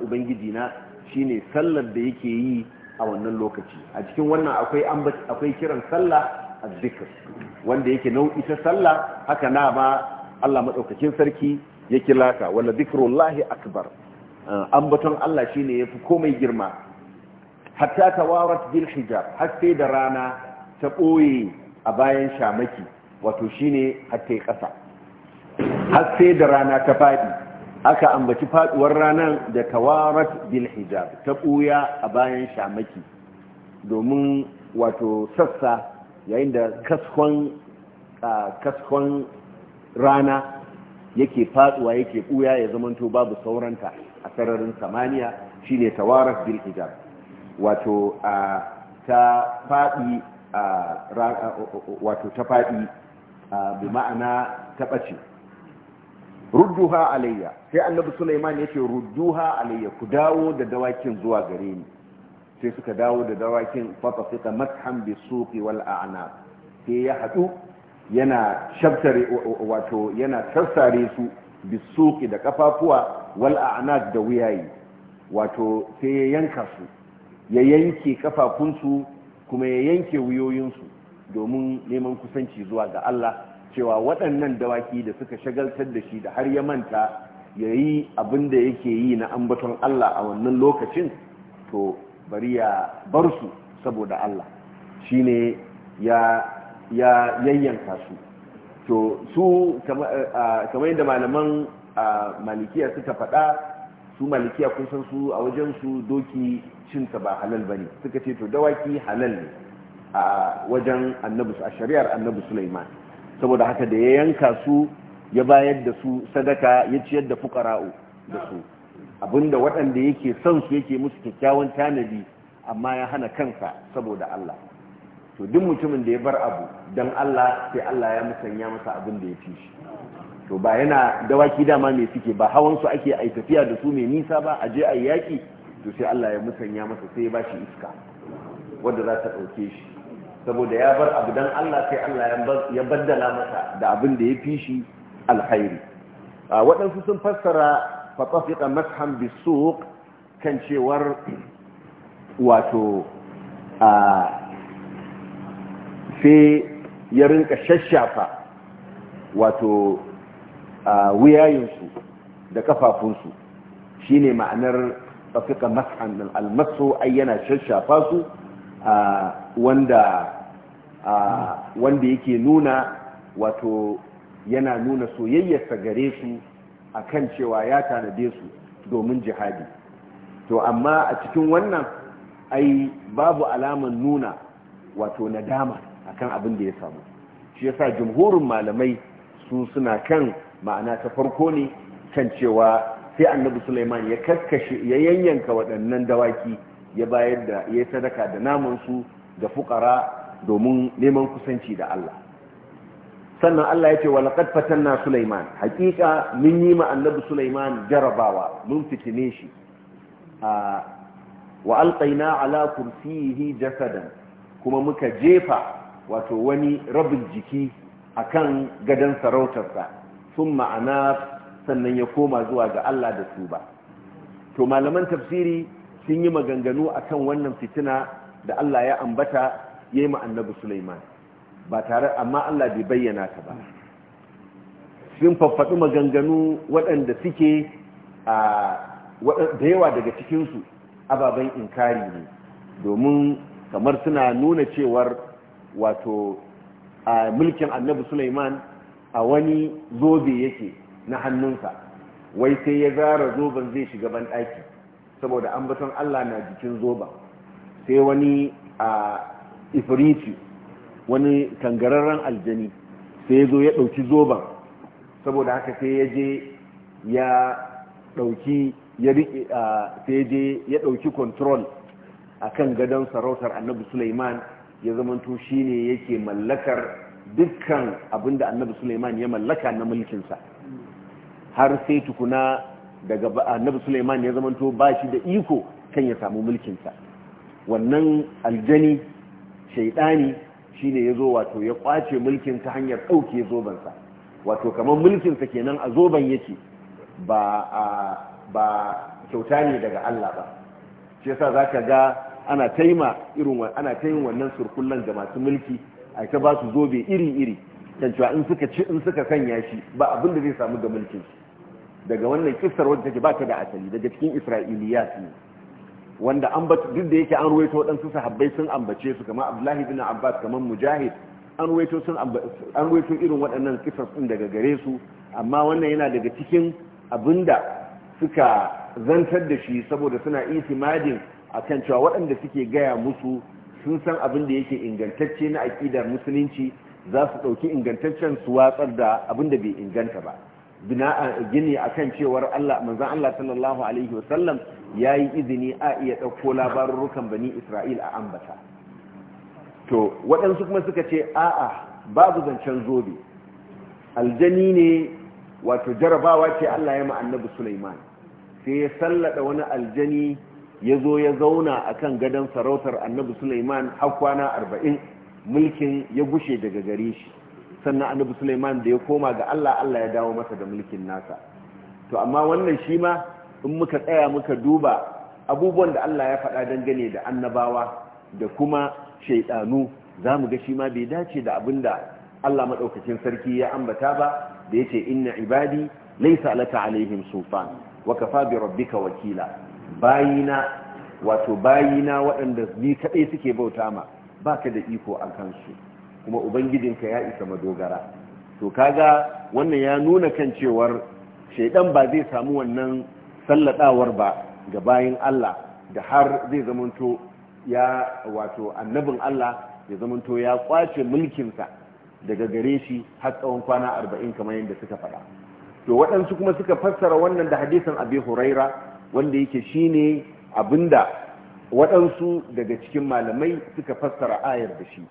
na shine sallar da yake yi a wannan lokaci a cikin wannan akwai akwai kiran sallah azzikr wanda yake nau'i ta sallah haka na ba Allah madaukakin sarki ya kilata wala zikrullahi akbar uh, ambaton Allah shine yafi komai girma hatta tawarat bil hijab har sai da rana ta boye a bayan shamaki wato shine hatta ƙasa har sai da rana ta faɗi aka ambaci faduwar ranar da tawarat bil hijab ta buya a bayan shamaki domin wato sassa yayin da kaskon kaskon rana yake faduwa yake buya ya zamanto babu sauranta a sararin samaniya shine tawarat bil hijab wato ta faɗi wato ta faɗi bi ma'ana ta ɓace rudduha alayya sai annabi Sulaiman yake rudduha alayya ku dawo da dawakin zuwa gare ni sai suka dawo da dawakin fatafika matham bi suqi wal a'nab sai ya hadu yana shabtare wato yana sassare su bi suqi da kafafuwa wal a'nab da wuyayi wato sai ya yanka su ya yanke kafafun kuma ya yanke wuyoyinsu domin neman kusanci zuwa ga Allah cewa waɗannan dawaki da suka shagaltar da shi da har ya manta ya yi abin da yake yi na ambaton Allah a wannan lokacin to bari ya bar su saboda Allah shi ne ya yayyanka su to su kamar yadda malaman malikiya suka faɗa su malikiya kun san su a wajen su doki cinsa ba halal bane suka ce to dawaki halal ne a wajen annabi a shari'ar annabi Sulaiman saboda haka da ya yanka su ya bayar da su sadaka ya ciyar da fukara'u da su abinda waɗanda yake son su yake musu kyakkyawan tanadi amma ya hana kansa saboda Allah to duk mutumin da ya bar abu dan Allah sai Allah ya musanya masa abin da ya fi shi to ba yana dawaki dama mai suke ba hawan su ake aikafiya tafiya da su mai nisa ba a je a yaki to sai Allah ya musanya masa sai ya bashi iska wanda za ta ɗauke shi saboda ya bar abu dan Allah sai Allah ya baddala masa da abin da ya fi shi alkhairi waɗansu sun fassara fatafika mashan bisuk kan cewar wato sai ya rinka shashafa wato wuyayinsu da kafafunsu shine ma'anar fafika mas'an almasu ai yana shashafa su wanda yake nuna wato yana nuna soyayyarsa gare su akan cewa ya tanade su domin jihadi to amma a cikin wannan ai babu alaman nuna wato nadama akan abin da ya samu shi yasa jumhurin malamai su suna kan ma'ana ta farko ne kan cewa sai annabi Sulaiman ya kakkashe ya yanyanka waɗannan dawaki ya bayar da ya sadaka da naman su ga fukara domin neman kusanci da Allah sannan Allah ya ce wa laqad fatanna Sulaiman hakika mun yi ma annabi Sulaiman jarabawa mun fitine shi wa alqaina ala kursiyihi jasadan kuma muka jefa wato wani rabin jiki akan gadan sarautarsa sun ma'ana sannan ya koma zuwa ga Allah da su ba to malaman tafsiri sun yi maganganu akan wannan fitina da Allah ya ambata yayi ma annabi Sulaiman ba tare amma Allah bai bayyana ta ba sun faffaɗi maganganu waɗanda suke da yawa daga cikinsu ababen inkari ne domin kamar suna nuna cewar wato a mulkin annabi Sulaiman a wani zobe yake na hannunsa wai sai ya zara zoben zai shiga ban ɗaki saboda bi Allah na jikin zoben sai wani a ifiriti wani tangararren aljani sai ya zo ya ɗauki zoben saboda haka sai ya je ya ɗauki ya je ya ɗauki control a kan gadon sarautar annabi suleiman ya zamanto shi ne yake mallakar dukkan abinda annabi suleiman ya mallaka na mulkinsa har sai tukuna daga annabi Suleiman ya zamanto ba shi da iko kan ya samu mulkinsa wannan aljani shaidani shine ya zo wato ya kwace mulkin ta hanyar ɗauke zobensa wato kamar mulkinsa kenan a zoben yake ba kyauta ne daga Allah ba shi yasa za ka ga ana taima irin ana taimin wannan surkullan ga masu mulki a ta ba su zobe iri-iri kan cewa in suka ci in suka sanya shi ba abin da zai samu ga mulkin shi daga wannan kissar wadda take ba ta da asali daga cikin isra'iliyat ne wanda an duk da yake an ruwaito waɗansu sahabbai sun ambace su kamar abdullahi ibn abbas kamar mujahid an ruwaito sun an ruwaito irin waɗannan kissar din daga gare su amma wannan yana daga cikin abinda suka zantar da shi saboda suna itimadin kan cewa waɗanda suke gaya musu sun san abin da yake ingantacce na aƙidar musulunci za su ɗauki ingantaccen su watsar da abin da bai inganta ba gini akan cewar Allah manzon Allah sallallahu alaihi wasallam yayi izini a iya dauko labarurukan bani Isra'il a ambata to waɗansu kuma suka ce a'a babu zancen zobe aljani ne wato jarabawa ce Allah ya ma annabi Sulaiman sai ya sallada wani aljani ya zo ya zauna akan kan gadon sarautar annabi Sulaiman har kwana arba'in mulkin ya gushe daga gare shi sannan annabi suleiman da ya koma ga Allah Allah ya dawo masa da mulkin nasa to amma wannan shi ma in muka tsaya muka duba abubuwan da Allah ya faɗa dangane da annabawa da kuma shaidanu za mu ga shi ma bai dace da abin da Allah maɗaukacin sarki ya ambata ba da ya ce inna ibadi laisa alaka alaihim sufan wa kafa bi rabbika wakila bayina wato bayina waɗanda ni kaɗai suke bauta ma baka da iko a kansu kuma ubangijinka ya isa madogara to kaga wannan ya nuna kan cewar shaidan ba zai samu wannan salladawar ba ga bayin Allah da har zai zamanto ya wato annabin Allah ya zamanto ya kwace mulkinsa daga gare shi har tsawon kwana arba'in kamar yadda suka faɗa to waɗansu kuma suka fassara wannan da hadisan abi huraira wanda yake shine abinda waɗansu daga cikin malamai suka fassara ayar da shi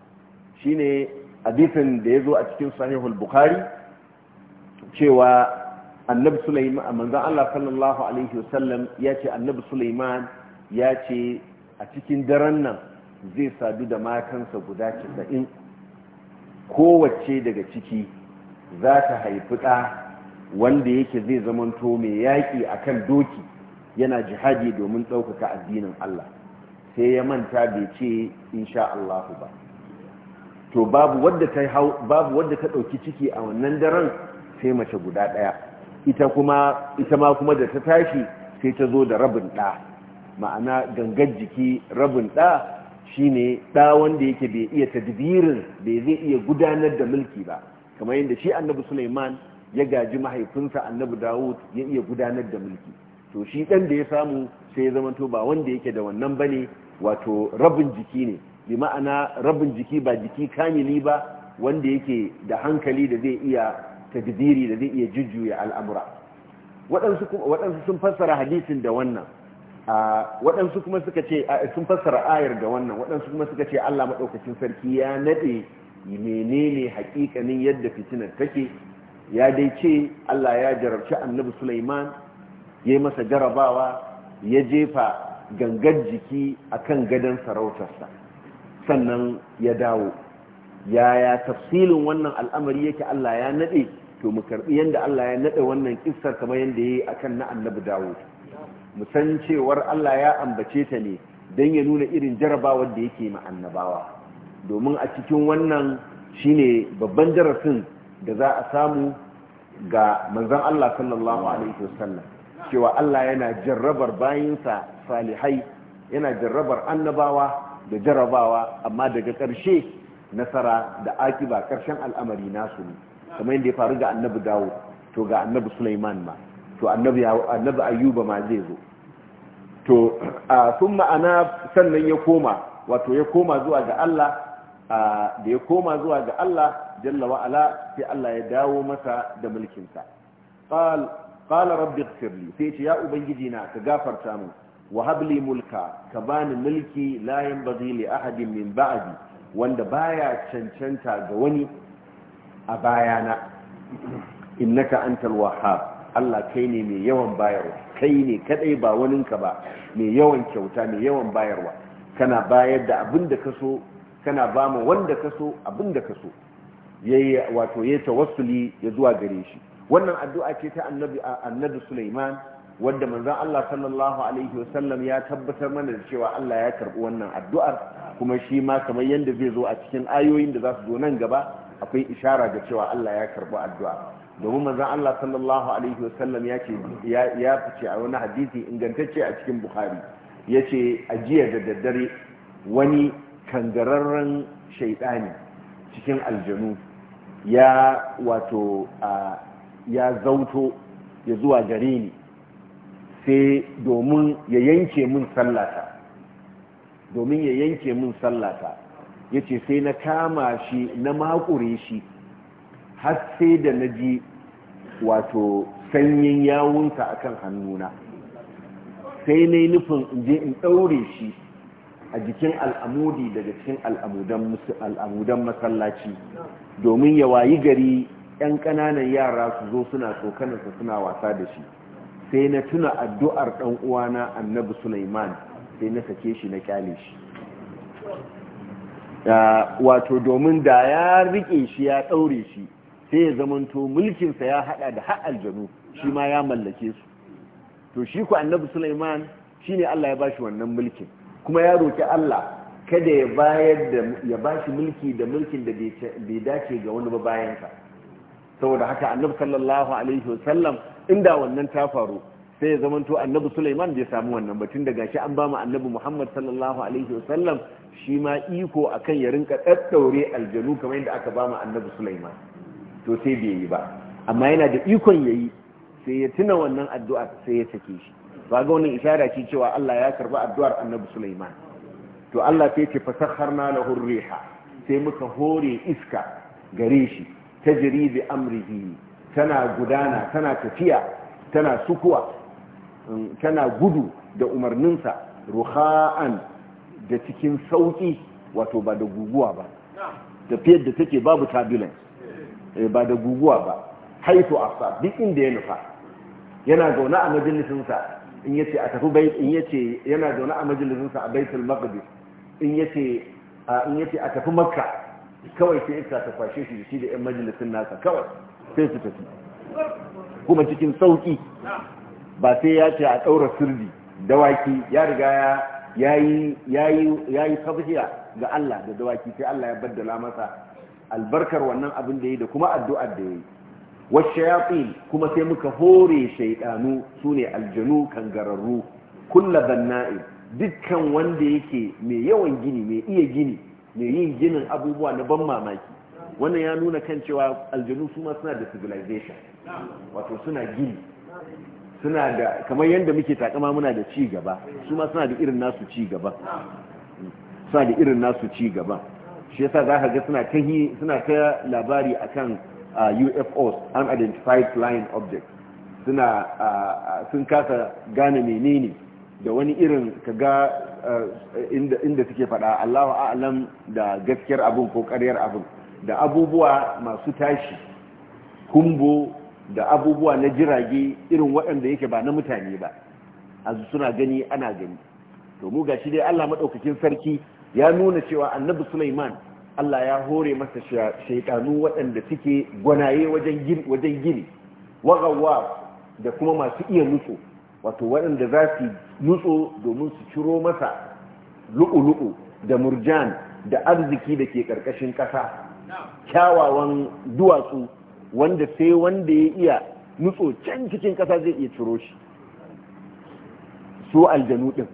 shine hadisin da ya zo a cikin sahihul bukhari cewa annabi sulaiman manzon Allah sallallahu alaihi wasallam ya ce annabi sulaiman ya ce a cikin daren nan zai sadu da matansa guda 90 kowace daga ciki za ta haifi ɗa wanda yake zai zamanto mai yaƙi akan doki yana jihadi domin ɗaukaka addinin Allah sai ya manta bai ce insha Allah ba to babu wadda ta hau babu wadda ta dauki ciki a wannan daren sai mace guda ɗaya. ita kuma ita ma kuma da ta tashi sai ta zo da rabin ɗa. ma'ana gangar jiki rabin da shine ɗa wanda yake bai iya tadbirin bai zai iya gudanar da mulki ba kamar yadda shi annabi Suleiman ya gaji mahaifinsa annabi Dawud ya iya gudanar da mulki to shi dan da ya samu sai ya zama to ba wanda yake da wannan bane wato rabin jiki ne bi ma'ana rabin jiki ba jiki kamili ba wanda yake da hankali da zai iya tadbiri da zai iya jujjuya al'amura waɗansu sun fassara hadisin da wannan waɗansu kuma suka ce sun fassara ayar da wannan waɗansu kuma suka ce Allah maɗaukacin sarki ya naɗe menene haƙiƙanin yadda fitinar take ya dai ce Allah ya jarabci annabi suleiman ya yi masa jarabawa ya jefa gangar jiki akan gadon sarautarsa sannan ya dawo yaya tafsilin wannan al'amari yake Allah ya nade to mu karbi yanda Allah ya nade wannan kissar kamar yanda yayi akan na annabi dawo mu san cewar Allah ya ambace ta ne dan ya nuna irin jarabawa da yake ma annabawa domin a cikin wannan shine babban darasin da za a samu ga manzon Allah sallallahu alaihi wasallam cewa Allah yana jarrabar bayinsa salihai yana jarrabar annabawa da jarabawa amma daga ƙarshe nasara da ba ƙarshen al'amari nasu ne kamar yadda ya faru ga annabi dawo to ga annabi sulaiman ma to annabi ayyuba ma zai zo to a sun ma'ana sannan ya koma wato ya koma zuwa ga Allah da ya koma zuwa ga Allah jalla wa'ala sai Allah ya dawo masa da mulkinsa qala rabbi ighfirli sai ce ya ubangiji na ka gafarta mu wa mulka ka bani mulki la yanbaghi li ahadin min ba'di wanda baya cancanta ga wani a bayana innaka antal wahhab Allah kai ne mai yawan bayarwa kai ne kadai ba waninka ba mai yawan kyauta mai yawan bayarwa kana bayar da abin da kaso kana ba mu wanda kaso abin da kaso yayi wato yayi tawassuli ya zuwa gare shi wannan addu'a ce ta annabi annabi Sulaiman wanda manzon Allah sallallahu alaihi wasallam ya tabbatar mana da cewa Allah ya karbi wannan addu'ar kuma shi ma kamar yadda zai zo a cikin ayoyin da za su zo nan gaba akwai ishara da cewa Allah ya karbi addu'a domin manzon Allah sallallahu alaihi wasallam ya ce ya fice a wani hadisi ingantacce a cikin Bukhari yace a jiya da daddare wani kangararren shaiɗani cikin aljanu ya wato ya zauto ya zuwa gare ni sai domin ya yanke mun sallata domin ya yanke mun sallata ya ce sai na kama shi na makure shi har sai da na ji wato sanyin yawunsa akan kan hannuna sai na yi nufin je in ɗaure shi a jikin al'amudi daga cikin al'amudan masallaci domin ya wayi gari 'yan ƙananan yara su zo suna tsokanarsa suna wasa da shi sai na tuna addu'ar ɗan uwana annabi Sulaiman sai na sake shi na kyale shi wato domin da ya rike shi ya ɗaure shi sai ya zamanto mulkinsa ya haɗa da har aljanu shi ma ya mallake su to shi ku annabi Sulaiman shi ne Allah ya ba shi wannan mulkin kuma ya roki Allah kada ya bayar da ya ba shi mulki da mulkin da bai dace ga wani ba bayansa saboda haka annabi sallallahu alaihi wasallam inda wannan ta faru sai ya zamanto annabi Sulaiman bai samu wannan ba tun daga shi an ba mu annabi Muhammad sallallahu alaihi wasallam shi ma iko akan ya rinka daddaure aljanu kamar yadda aka ba mu annabi Sulaiman to sai bai yi ba amma yana da ikon yayi sai ya tuna wannan addu'a sai ya take shi ba ga wannan isara ce cewa Allah ya karba addu'ar annabi Sulaiman to Allah sai ce fasakharna lahu riha sai muka hore iska gare shi tajri bi amrihi tana gudana tana tafiya tana sukuwa um, tana gudu da umarninsa ruha'an da cikin sauki wato ba da guguwa ba tafiyar da take babu turbulence eh, ba da guguwa ba haitu afsa duk inda ya nufa yana zaune a majalisinsa in yace a tafi bai in yace yana zaune a majalisinsa a baitul maqdis in yace in yace a tafi makka kawai sai iska ta kwashe shi da shi da 'yan majalisin nasa kawai sai su tafi kuma cikin sauki ba sai ya ce a ɗaura sirri dawaki ya riga ya yi tafiya ga Allah da dawaki sai Allah ya baddala masa albarkar wannan abin da ya yi da kuma addu'ar da ya yi washayatin kuma sai muka hore shaidanu su ne aljanu gararru kulla banna'i dukkan wanda yake mai yawan gini mai iya gini mai yin ginin abubuwa na ban mamaki wannan ya nuna kan cewa aljanu su suna da civilization wato suna gini suna da kamar yadda muke takama muna da ci gaba su ma suna da irin nasu ci gaba suna da irin nasu ci gaba shi yasa za ka ga suna ta suna ta labari akan ah, UFOs unidentified flying objects suna ah, ah, sun kasa gane menene da wani irin ka ga inda suke faɗa Allahu a'lam da gaskiyar abin ko karyar abin da abubuwa masu tashi kumbo da abubuwa na jirage irin waɗanda yake ba na mutane ba a suna gani ana gani to mu gashi dai Allah madaukakin sarki ya nuna cewa annabi Suleiman, Allah ya hore masa shaitanu waɗanda suke gwanaye wajen gini wagawa da kuma masu iya nutso wato waɗanda za su nutso domin su ciro masa lu'u-lu'u da murjan da arziki da ke ƙarƙashin ƙasa kyawawan duwatsu wanda sai wanda ya iya nutso can cikin kasa zai iya ciro shi su aljanu din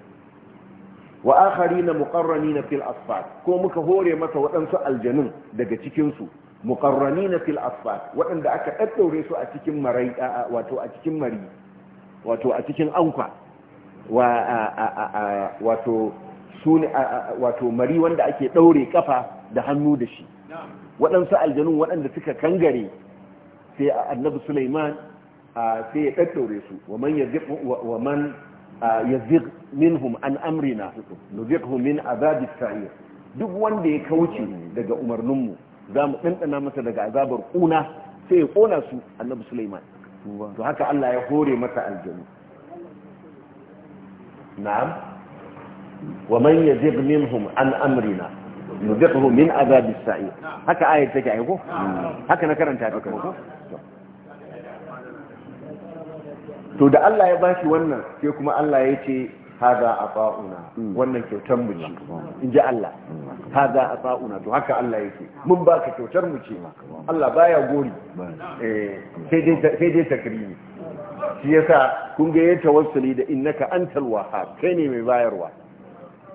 wa akhari na muqarrani na fil asfar ko muka hore masa waɗansu aljanun daga cikinsu muqarrani na fil asfar waɗanda aka ɗaɗɗaure su a cikin marai wato a cikin mari wato a cikin anka wato su wato mari wanda ake ɗaure kafa da hannu da shi waɗansu aljanun waɗanda suka kangare sai annabi Suleiman, sai ya ɗaɗɗaure su wa man yazig minhum an amrina nuzighu min azabis sa'ir duk wanda ya kauce daga umarninmu za mu ɗanɗana masa daga azabar kuna sai ya ƙona su annabi Sulaiman to haka Allah ya hore masa aljanu na'am wa man yazig minhum an amrina nuziquhu min azabis sa'ir haka ayat take aiko haka na karanta ta ko to da Allah ya bashi wannan sai kuma Allah ya ce haza ata'una wannan kyautar mu ce in ji Allah haza ata'una to haka Allah yake mun baka kyautar mu ce Allah baya gori sai dai sai dai takrimi shi yasa kun ga yayin tawassuli da innaka antal wahhab kai ne mai bayarwa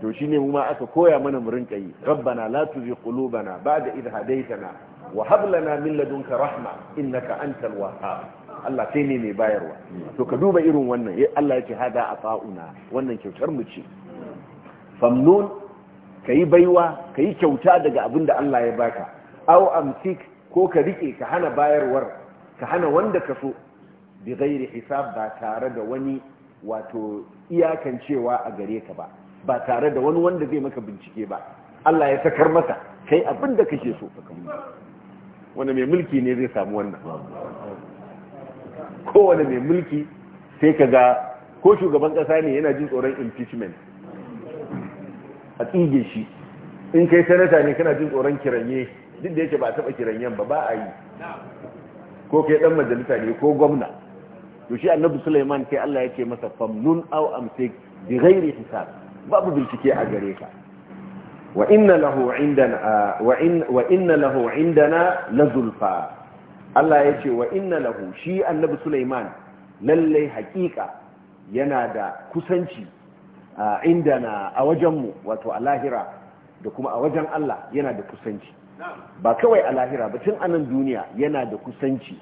to shi ne ma aka koya mana mu kai rabbana la tuzigh qulubana ba'da idh hadaytana wa hab lana min ladunka rahma innaka antal wahhab Allah sai ne mai bayarwa to ka duba irin wannan Allah ya ce hada ata'una wannan kyautar mu ce famnun kayi baiwa kayi kyauta daga abin da Allah ya baka aw amsik ko ka rike ka hana bayarwar ka hana wanda ka so bi ghairi hisab ba tare da wani wato iyakancewa a gare ka ba ba tare da wani wanda zai maka bincike ba Allah ya sakar masa kai abin da kake so wanda mai mulki ne zai samu wannan kowane mai mulki sai ka ga ko shugaban kasa ne yana jin tsoron impeachment a tsige shi in kai sanata ne kana jin tsoron kiranye duk da yake ba a taba kiranyen ba ba a yi ko kai dan majalisa ne ko gwamna to shi annabi suleiman kai Allah yake masa famnun aw amsik bi ghairi hisab babu bincike a gare ka wa inna lahu indana na zulfa Allah ya ce wa inna lahu shi annabi Sulaiman lallai hakika yana da kusanci indana a wajenmu wato a lahira da kuma a wajen Allah yana da kusanci ba kawai a lahira ba tun anan duniya yana da kusanci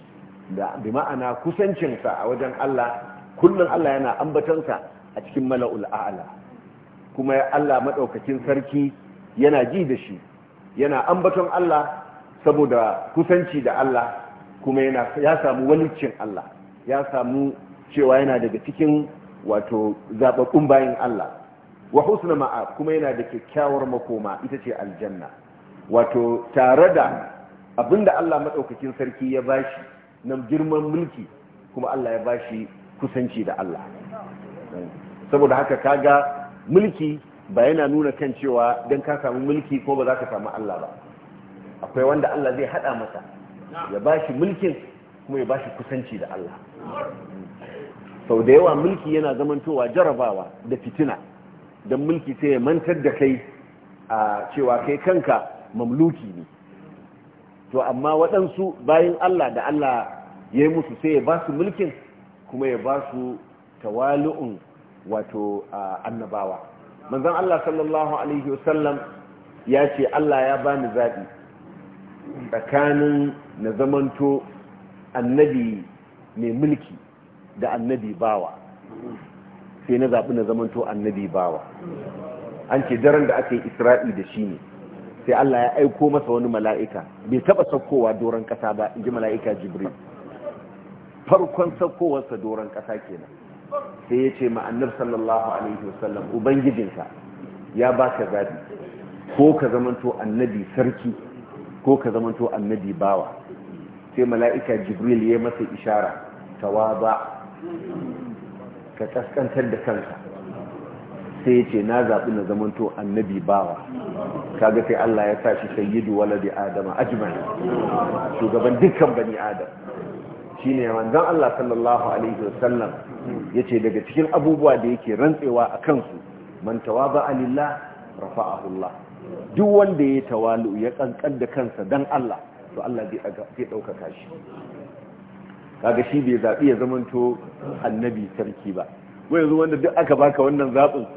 da bi ma'ana kusancinsa a wajen Allah kullum Allah yana ambatansa a cikin mala'ul a'la kuma Allah maɗaukakin sarki yana ji da shi yana ambaton Allah saboda kusanci da Allah kuma yana ya samu walicin Allah ya samu cewa yana daga cikin wato zababbun bayin Allah wa husna ma'a kuma yana da kyakkyawar makoma ita ce aljanna wato tare da abinda Allah maɗaukakin sarki ya bashi na girman mulki kuma Allah ya bashi kusanci da Allah saboda haka kaga mulki ba yana nuna kan cewa don ka samu mulki ko ba za ka samu Allah ba akwai wanda Allah zai hada masa ya ba shi mulkin kuma ya ba shi kusanci da Allah sau da yawa mulki yana zamantowa jarabawa da fitina don mulki sai ya mantar da kai a cewa kai kanka mamluki ne to amma waɗansu bayan Allah da Allah ya yi musu sai ya ba su mulkin kuma ya ba su tawali'un wato annabawa manzon Allah sallallahu alaihi wasallam ya ce Allah ya bani zaɓi tsakanin na zamanto annabi mai mulki da annabi bawa sai na zaɓi na zamanto annabi bawa an ce daren da aka yi isra'i da shi ne sai Allah ya aiko masa wani mala'ika bai taɓa saukowa doron ƙasa ba in ji mala'ika jibril farkon saukowarsa doron ƙasa kenan sai ya ce ma annab sallallahu alaihi wasallam ubangijinka ya ba ka zaɓi ko ka zamanto annabi sarki ko ka zamanto annabi bawa sai mala'ika jibril ya masa ishara tawaba ka kaskantar da kanka sai ya ce na zaɓi na zamanto annabi bawa kaga sai Allah ya sa shi sayyidu waladi adama ajma'i shugaban dukkan bani adam shine manzon Allah sallallahu alaihi wasallam yace daga cikin abubuwa da yake rantsewa a kansu man tawaba lillah rafa'ahu Allah duk wanda ya tawalu ya kankan da kansa dan Allah to Allah zai daukaka shi kaga shi bai zabi ya zamanto annabi sarki ba wai yanzu wanda duk aka baka wannan zabin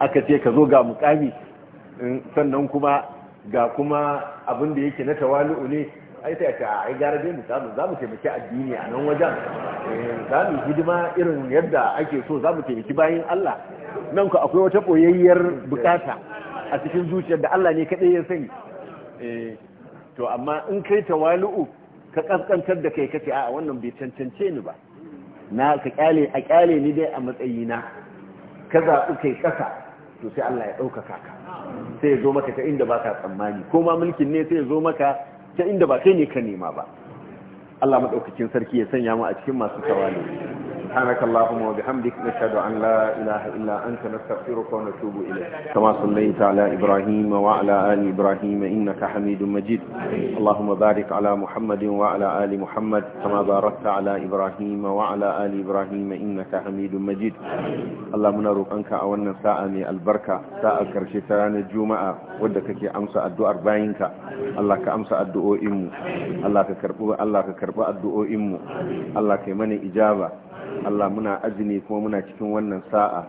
aka ce ka zo ga mukami sannan kuma ga kuma abin da yake na tawalu ne ai sai ta ai gara mu zamu zamu taimaki addini a nan wajen eh, zamu hidima irin yadda ake so zamu taimaki bayin Allah nan ku akwai wata boyayyar bukata a cikin zuciyar da Allah ne kadai ya sani eh, to amma in kai tawali'u ka kaskantar da kai kace a wannan bai cancance ni ba na ka kyale a kyale ni dai a matsayina ka zaɓi kai kasa to sai Allah ya ɗaukaka ka sai ya zo maka ta inda baka tsammani ko ma mulkin ne sai ya zo maka ta inda ba kai ne ka nema ba Allah maɗaukacin sarki ya sanya mu a cikin masu tawali سبحانك اللهم وبحمدك نشهد أن لا إله إلا أنت نستغفرك ونتوب إليك كما صليت على إبراهيم وعلى آل إبراهيم إنك حميد مجيد اللهم بارك على محمد وعلى آل محمد كما باركت على إبراهيم وعلى آل إبراهيم إنك حميد مجيد اللهم نروق أنك أولنا ساعة من البركة ساعة كرشتان الجمعة ودكك أمس الدعاء باينك الله كأمس الدعاء إمو الله كربو الله كربو الدعاء إمو الله كمن إجابة Allah muna azumi kuma muna cikin wannan sa'a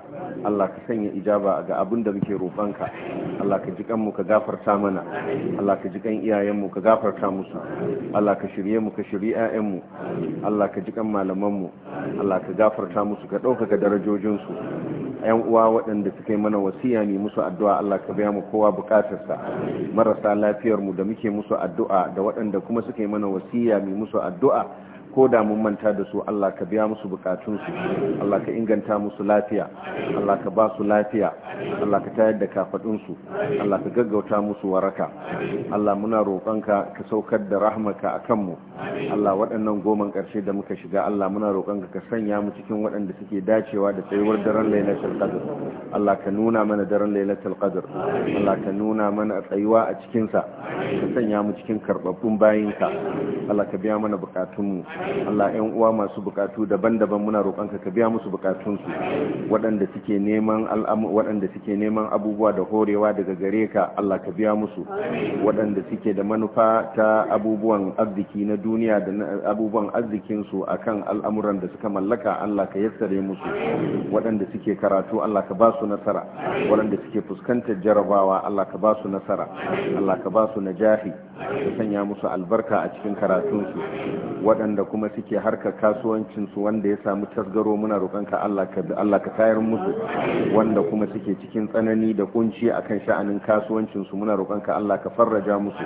Allah ka sanya ijaba ga abin da muke roƙonka Allah ka ji kanmu ka gafarta mana Allah ka ji kan iyayenmu ka gafarta musu Allah ka shirye mu ka shirye ƴaƴanmu Allah ka ji kan malamanmu Allah ka gafarta musu ka ɗaukaka darajojinsu yan uwa waɗanda suka yi mana wasiya ne musu addu'a Allah ka biya mu kowa bukatarsa marasa lafiyarmu da muke musu addu'a da waɗanda kuma suka yi mana wasiya ne musu addu'a ko da mun manta da su Allah ka biya musu bukatunsu Allah ka inganta musu lafiya Allah ka ba su lafiya Allah ka tayar da kafadunsu Allah ka gaggauta musu waraka Allah muna roƙonka ka saukar da rahmarka akan mu Allah waɗannan goman ƙarshe da muka shiga Allah muna roƙonka ka sanya mu cikin waɗanda suke dacewa da tsayuwar daren lailatul qadr Allah ka nuna mana daren lailatul qadr Allah ka nuna mana tsayuwa a cikin sa ka sanya mu cikin karbabbun bayinka Allah ka biya mana bukatunmu Allah ƴan uwa masu bukatu daban-daban muna roƙonka ka biya musu bukatunsu waɗanda suke neman waɗanda suke neman abubuwa da horewa daga gare ka Allah ka biya musu waɗanda suke da manufa ta abubuwan arziki na duniya da abubuwan arzikin su akan al'amuran da suka mallaka Allah ka yassare musu waɗanda suke karatu Allah ka ba su nasara waɗanda suke fuskantar jarabawa Allah ka ba su nasara Allah ka ba su najahi ka sanya musu albarka a cikin karatunsu waɗanda kuma suke harkar kasuwancinsu wanda ya samu tasgaro muna roƙonka Allah ka tayar musu wanda kuma suke cikin tsanani da kunci akan sha'anin kasuwancinsu muna roƙonka Allah ka farraja musu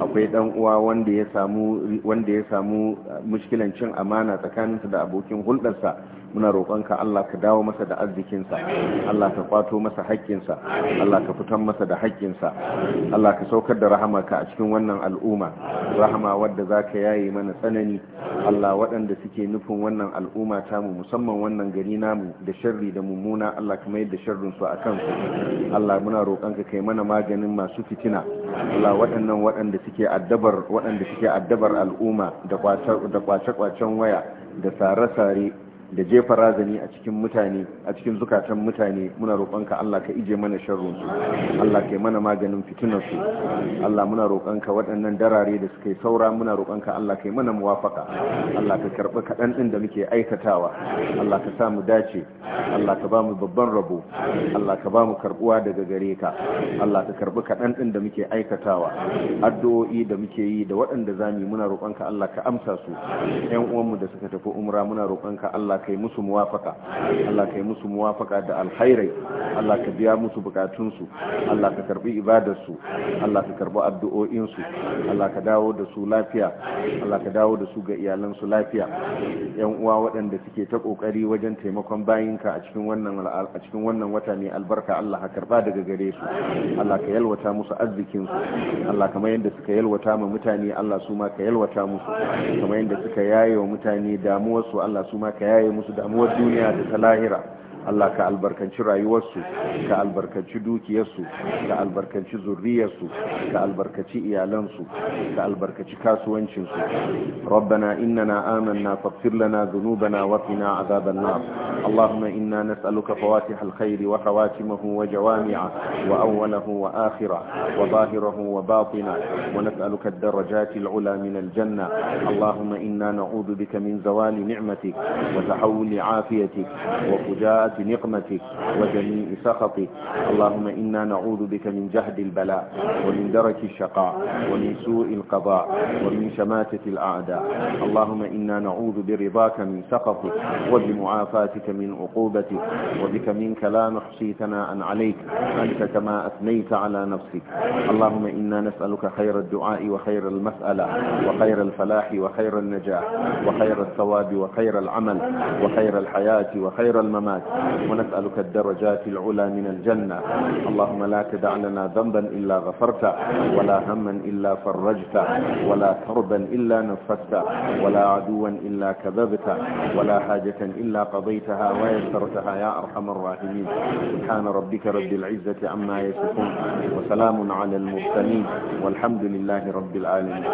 akwai dan uwa wanda ya samu wanda ya samu eh, mushkilan cin amana tsakaninsa da abokin hulɗarsa muna roƙonka Allah ka dawo masa da arzikinsa Allah ka kwato masa haƙƙinsa Allah ka fitan masa da haƙƙinsa Allah ka saukar da rahamarka a cikin wannan al'umma rahama wadda zaka ka yaye mana tsanani Allah waɗanda suke nufin wannan al'umma ta mu musamman wannan gari namu da sharri da mummuna Allah ka mayar da sharrin su a kansu Allah muna roƙonka kai mana maganin masu fitina Allah waɗannan waɗanda suke addabar waɗanda suke addabar al'umma da kwace-kwacen waya da sare-sare da jefa razani a cikin mutane a cikin zukatan mutane muna roƙonka Allah ka ije mana sharrun su Allah ka yi mana maganin fitinar su Allah muna roƙonka waɗannan darare da suka yi saura muna roƙonka Allah ka yi mana muwafaka Allah ka karɓi kaɗan ɗin da muke aikatawa Allah ka sa mu dace Allah ka ba mu babban rabo Allah ka ba mu karɓuwa daga gare ka Allah ka karɓi kaɗan ɗin da muke aikatawa addu'o'i da muke yi da waɗanda zamu yi muna roƙonka Allah ka amsa su ƴan uwanmu da suka tafi umra muna roƙonka Allah ka yi musu muwafaka Allah ka yi musu muwafaka da alkhairai Allah ka biya musu bukatunsu Allah ka karbi ibadarsu Allah ka karbi addu'o'insu Allah ka dawo da su lafiya Allah ka dawo da su ga iyalansu lafiya yan uwa waɗanda suke ta ƙoƙari wajen taimakon bayinka a cikin wannan a cikin wannan wata ne albarka Allah ka karba daga gare su Allah ka yalwata musu arzikinsu Allah kamar yadda suka yalwata ma mutane Allah su ma ka yalwata musu kamar yadda suka yaye wa mutane damuwarsu Allah su ma ka yaye yaye musu damuwar duniya da ta lahira Allah ka albarkanci rayuwarsu ka albarkanci dukiyarsu ka albarkanci zurriyarsu ka albarkaci iyalansu ka albarkaci kasuwancinsu rabbana innana amanna faghfir lana dhunubana wa qina adhaban nar allahumma inna nas'aluka fawatih alkhair wa khawatimahu wa jawami'ahu wa awwalahu wa akhirahu wa zahirahu wa batinahu wa nas'aluka ad-darajat al-'ula min al-janna allahumma inna na'udhu bika min zawali ni'matik wa tahawuli 'afiyatik wa fujaat نقمتك وجميع سخطك اللهم إنا نعوذ بك من جهد البلاء ومن درك الشقاء ومن سوء القضاء ومن شماتة الأعداء اللهم إنا نعوذ برضاك من سخطك وبمعافاتك من عقوبتك وبك منك لا نحصي عن عليك أنت كما أثنيت على نفسك اللهم إنا نسألك خير الدعاء وخير المسألة وخير الفلاح وخير النجاح وخير الثواب وخير العمل وخير الحياة وخير الممات ونسألك الدرجات العلى من الجنة اللهم لا تدع لنا ذنبا إلا غفرته ولا هما إلا فرجته ولا كربا إلا نفسته ولا عدوا إلا كذبته ولا حاجة إلا قضيتها ويسرتها يا أرحم الراحمين سبحان ربك رب العزة عما يصفون وسلام على المرسلين والحمد لله رب العالمين